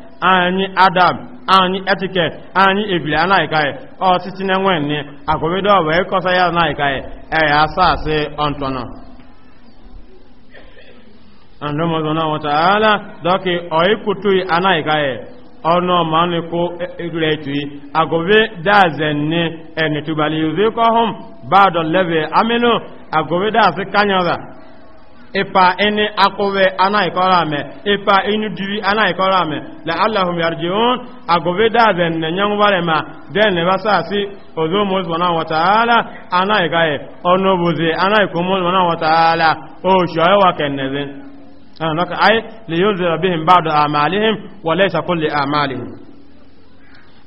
anyị adam anyị etiket anyị ebili anaghịkaghị ọtịtị na enwe nne akwabedo ọbụ ịkọsa ya anaghịkaghị eya asa asị ọntọnọ andọmọdọna wọtaala dọkị ọịkụtụghị anaghịkaghị ọnụ ọmanịkụ egwuregwu agobe daze nne enetubali yuzi kọhụm badọ lebe aminu agobe daze kanyaza ipa ini akụwe anaghịkọrọ ame ipa inu diri anaghịkọrọ ame la allahum yarjiun agobe dazen ne nyanwubare ma den ne basa asi ozo mo subhanahu wa ta'ala anaghịkaghị ọnụbuzi anaghịkọ mo subhanahu wa ta'ala oṣù ọyọwa kennezin ana ah, nọka ai liyunzira bihim ba'du amalihim wa laysa kulli amalihim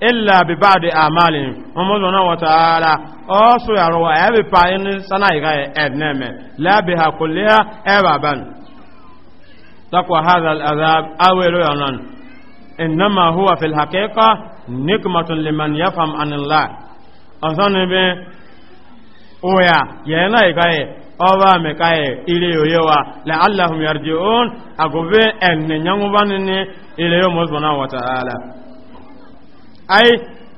illa bi ba'di amalin muhammad subhanahu wa ta'ala o so ya ro ya bi pa in sana iga e, edneme la bi ha kulliha ebaban takwa hadha al azab awilu yanan innama huwa fil haqiqa nikmatun liman yafham an allah azan be oya yana iga e ọba mekaye ile oyewa la allahum yarji'un agobe en nyangubanini ile yo subhanahu wa ta'ala ai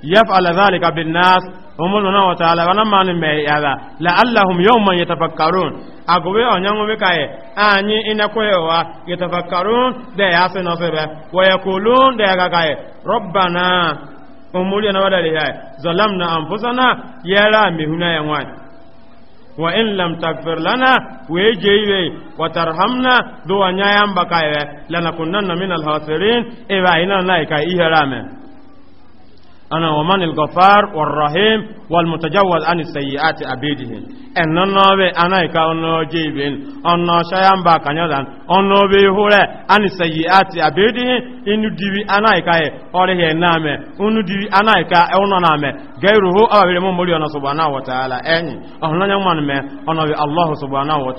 yaf'ala dhalika bin nas umul na wa ta'ala wana man me yala la'allahum yawman yatafakkarun agobe onyango be kai anyi inakoyewa yatafakkarun da ya se no sebe wa yaqulun da ya kai rabbana umul na wadali ya zalamna anfusana yala mihuna yanwani wa in lam tagfir lana wejeyiwe wa tarhamna do wanyayamba kaye lanakunanna min alhasirin ewa ina naika iherame ana wa manil gafar wal mutajawwal an sayyiati abidihim be ka ono jibin ono shayan ba kanyadan ono be hore an sayyiati abidihim inu ka e ore he na unu ka e na me gairuhu awabile mo mori subhanahu wa ta'ala nyang man me be allah subhanahu wa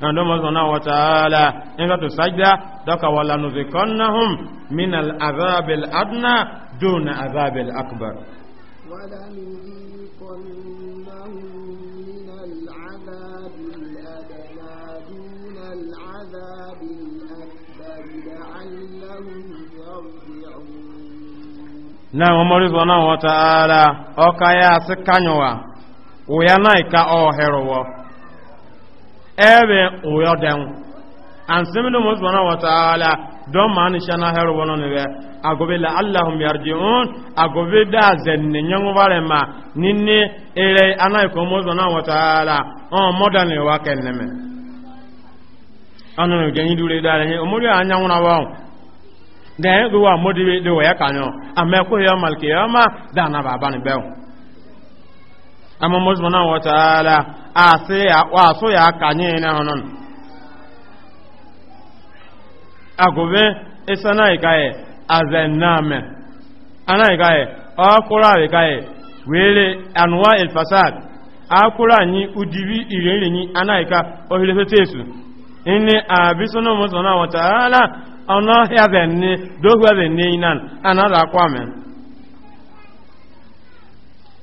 na ndo mwazo na wataala inga to sajda daka wala nuzikonnahum min al-adhabi al-adna dun adhabi al-akbar wala nuzikonnahum min al-adhabi al-adna duna al-adhabi al-akbar la'allahum yarji'un na mwazo na wataala okaya sikanyowa uyanaika oherowo ebe uyo den an similu musbana wa ta'ala don ma ni shana heru wono ni be agobe la allahum yarji'un agobe da zenne nyangu bare ma ninni ere anai ko musbana wa on modan ni wa kenneme anu gani dure umuri na da ya go wa modiwe de wa ya kanyo ya malkiyama da na baba ni be amma musbana asị ya asụ ya aka anyị na ọnụ agụbe ịsa na ịkaghị azẹ naamẹ ana ịkaghị ọkụrụ e, a ịkaghị e, were anụwa elfasad akwụrụ anyị udibi irinrinyi ana ịka ohere fetesu ini abisu na ụmụ sọ na wata ala ọnụ ọhịa zẹ nne dohu zẹ nne inan ana akwa mẹ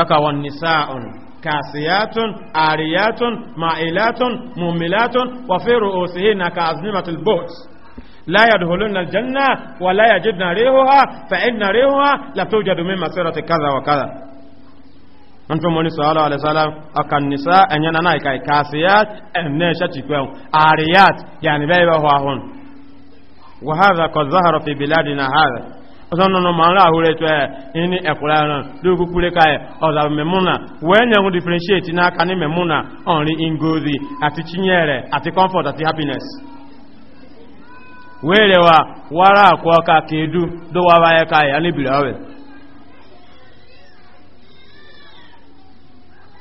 ذكر النساء كاسيات عاريات مائلات مملات وفي رؤوسهن كأزمة البؤس لا يدخلن الجنة ولا يجدن ريحها فإن ريحها لا توجد من مسيرة كذا وكذا أنتم من صلى الله عليه وسلم أكن النساء أن ينانا كاسيات النشة تكون عاريات يعني بيبه هون وهذا قد ظهر في بلادنا هذا ọzọ nọ ma nra ahụrụ etu e, ya ịnị ekwura ya n'okwu kwure ka ya e, ọzara memuna wee nye nwụ differentiate n'aka ni memuna ọnri ngozi ati chinyere ati comfort ati happiness were wa wara akwa ọka ka edu dọwara ya ka ya n'ebiri ọrịa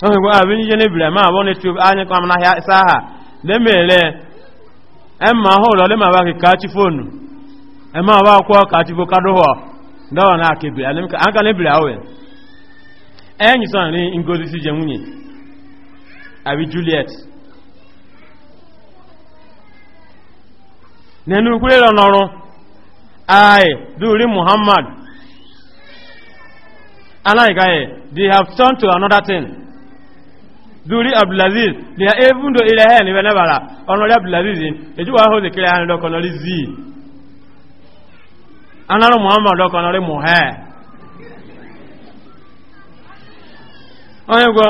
o nwekwa abụ nje n'ebiri ma abụọ n'etu anyị kọ n'ahịa saa ha lemere ẹ ma hụ ụlọ lemara ka kachi fonu ɛma a wɔakɔ katigo kado hɔ dɔwɔ na ake bere anim ka anka ne bere awɛ ɛnyi sɔn abi juliet nenu kure lɔ nɔrɔ ayi duuri muhammad alayi they have turned to another thing abdulaziz they are even though ilẹ̀ abdulaziz hó anara muhammad ọkọnọrị muhe onye gwo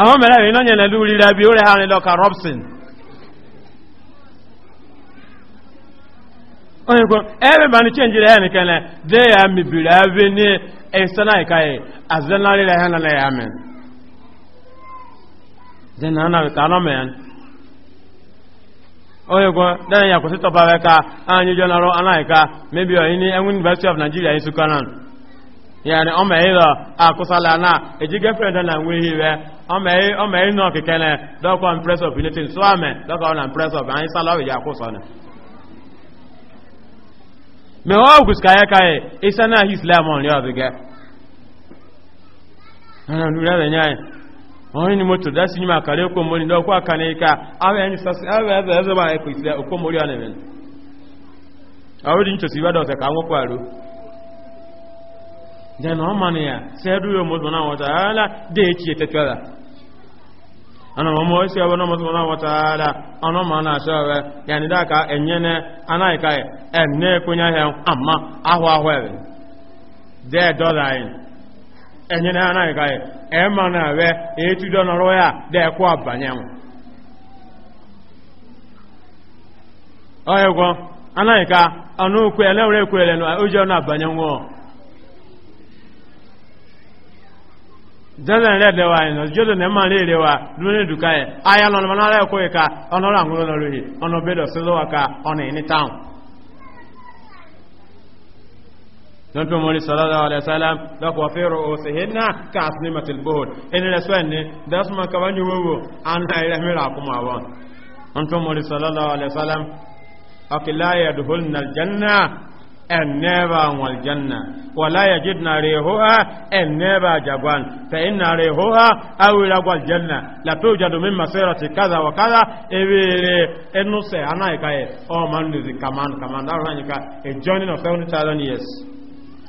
ahụ mere ebe nye na luriri abi ore ha nịdọka robson onye gwo ebe chenjiri ya nikene de ya mebiri abi ni esana ikaye azenarịrị na ya amen zenana ka oyego dana ya kwụsị tọpawe ka anyị jọnarụ anaghịka mebi oyini enwe university of nigeria isukanan yani ọma ịlọ akụsala na ejiga frend na nwe ihe iwe ọma ịlọ na ọkikene dọkwa impress of unity so ame dọkwa na impress of anyị sala ọbịa akwụsọ na mewa ọgwụ sikaya kaye isa na islam ọrịa ọzịga nana onye ni moto dasi nyima akara ekwomori ndị ọkwa aka na awa enyi sasị awa ebe ebe ba okpomori ekwomori na-eme ọrụ dị nchọsi ka nwekwa arụ then ọ manụ ya sẹẹdu yóò mọ sọmọ náà wọta ala dé etí ètẹtù ana e, ama De enye na anaghị e ma na awe etudo nọrọ ya dekwu abanyanwụ ọyịgwọ anaghị ka ọnụ ukwu elewere ekwere na ụjọ na abanyanwụ jẹ́lẹ̀ rẹ̀ lẹ́wà ẹ̀nà jẹ́lẹ̀ nẹ́mà lè rẹwà lórí ìdùkà ẹ̀ ayálọ́nà mọ́nà rẹ̀ ìka ọ̀nà ọ̀rọ̀ àwọn ọ̀nà ká ọ̀nà ìní don tun mori sallallahu alaihi wasallam da kuwa fero o sihinna ka aslimatul buhud in rasuwan ne da su maka wani wowo an na ira mira kuma wa don tun mori sallallahu alaihi wasallam akila ya duhulna aljanna en neba wal janna wala yajidna rihuha en neba jagwan fa inna rihuha aw ila wal janna la tujadu min masirati kaza wa kaza ewere enuse anai kai o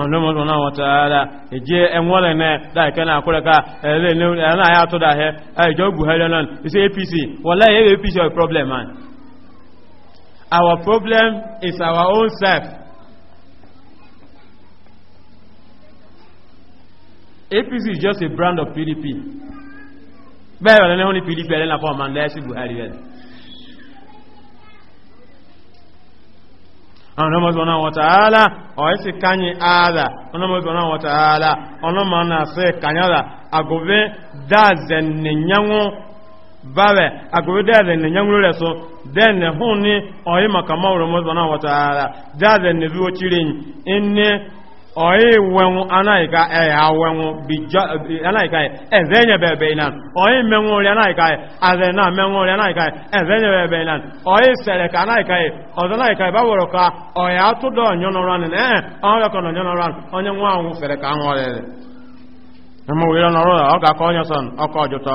ọ̀nàmọ̀ sọ̀nà wọ̀ta ara ìjẹ́ ẹ̀wọ́n lẹ̀ náà dáìkẹ́ náà kúrẹ́ká ẹ̀rẹ́nà àyà tó dáhẹ́ ẹ̀jọ́ buhari náà ìsẹ́ apc wọ́lá yẹ́ apc ọ̀ problem man our problem is our own self apc is just a brand of pdp bẹ́ẹ̀ rẹ̀ lẹ́wọ́n ní pdp ẹ̀rẹ́nà fọ́ ọ̀mọ̀ ndẹ́sí buhari rẹ̀ ọ̀nàmọ̀ zọ̀nà wọ̀tàálà ọ̀ẹ́sì kányì ààrà ọ̀nàmọ̀ zọ̀nà wọ̀tàálà ọ̀nàmọ̀ nàṣẹ kányàrà àgòvé dáàzẹ̀ nìyànwó bàrẹ̀ àgòvé dáàzẹ̀ nìyànwó rẹ̀ so dẹ́nẹ̀ hùn ní ọ̀yẹ́ oyi wenwu anaghịka eya wenwu anaghịka e, eze nyebebe inan oyi menwu ori anaghịka e, aze na menwu ori anaghịka e, eze nyebebe inan oyi sere ka anaghịka ọzọ anaghịka ba wụrụ ka ọya atụdọ nyọnọrọ nị ee ọrịa kọ nyọnọrọ onye nwa anwụ sere ka anwụ ọrịa ama were nọrọ ọ ga-akọ onye sọn ọkọ ọjụtọ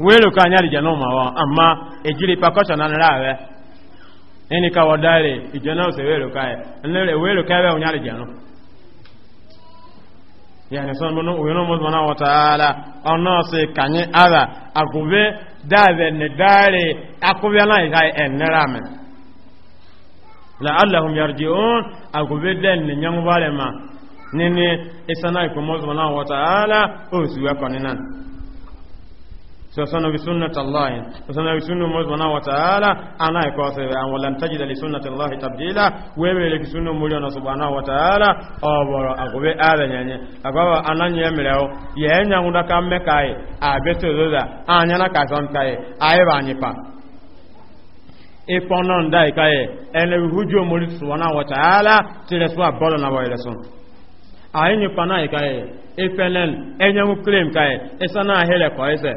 welo ka nyari jana ma wa amma ejiri pakosha na nrawe eni ka wadare ijana ose welo kai e. nere welo kai we nyari jana yani son mono uyono mo mana wa taala ono se kanye ala agube dave ne dare akubya kai enrame la'allahum yarji'un agube den ne nyangu nini isana ikomo mo mana wa taala o sọ̀sọ́nà bí súnnà tàláyìn sọ̀sọ́nà bí súnnà mọ́sùmọ́ná wàtàálà aná ẹ̀kọ́ sẹ̀rẹ̀ àwọn lantajida lè súnnà tàláyì tàbílá wẹ́rẹ̀ lè súnnà múlíọ̀n na ṣùgbọ́n wàtàálà ọ̀bọ̀rọ̀ àgùbẹ́ àrẹ̀yẹnyẹ àgbàwà anáyẹ mìíràn yẹn yàn wúdaka mẹ́kàáyì àbẹ́tẹ̀rẹ́dà àyànà kàṣánkáyì àyẹ̀bànyípa ìpọnà ndá ìkáyẹ ẹni ìhújú omori sùwọ́nà wàtàálà tìrẹ̀ sùwà bọ́ọ̀lù náà wọ̀nyẹ̀rẹ̀ sùn àyẹ̀nyípa náà ìkáyẹ ìfẹ́lẹ́n ẹ̀yẹ̀mú kílẹ̀m káyẹ ìsanáà hẹ́lẹ̀ kọ́ ẹsẹ̀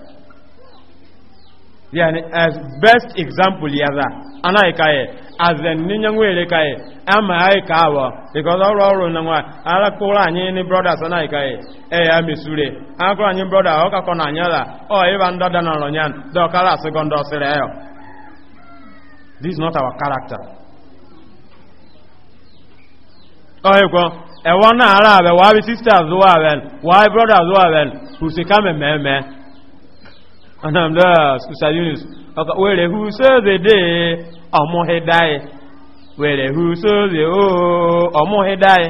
yani as best example yaza ana ikaye as en ninyangwele kaye ama aikawa because all all na nwa ala kula anyi ni brothers ana ikaye e eh, ya misure akwa anyi brother oka kona anyala o iba na lonyan do kala sekondo sire yo this is not our character oye kwa ewa na ara abe wa sisters wa ben wa brothers wa ben anam la Sister Eunice ọkọ were hu soze de ọmụghị daị were hu soze oo ọmụghị daị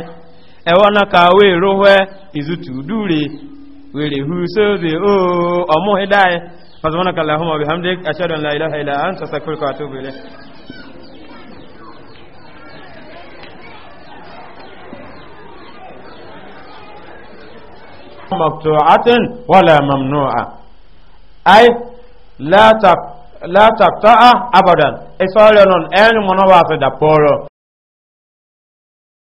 ewona ka wee rụhwe izutu dure were hu soze oo ọmụghị daị فسبحانك اللهم وبحمدك أشهد أن لا إله إلا أنت أستغفرك وأتوب إليك مقطوعة ولا ممنوعة ay la taqta'a abadan isɔɔlɛ nɔn ɛni mɔnɔ b'a fɛ da pɔɔrɔ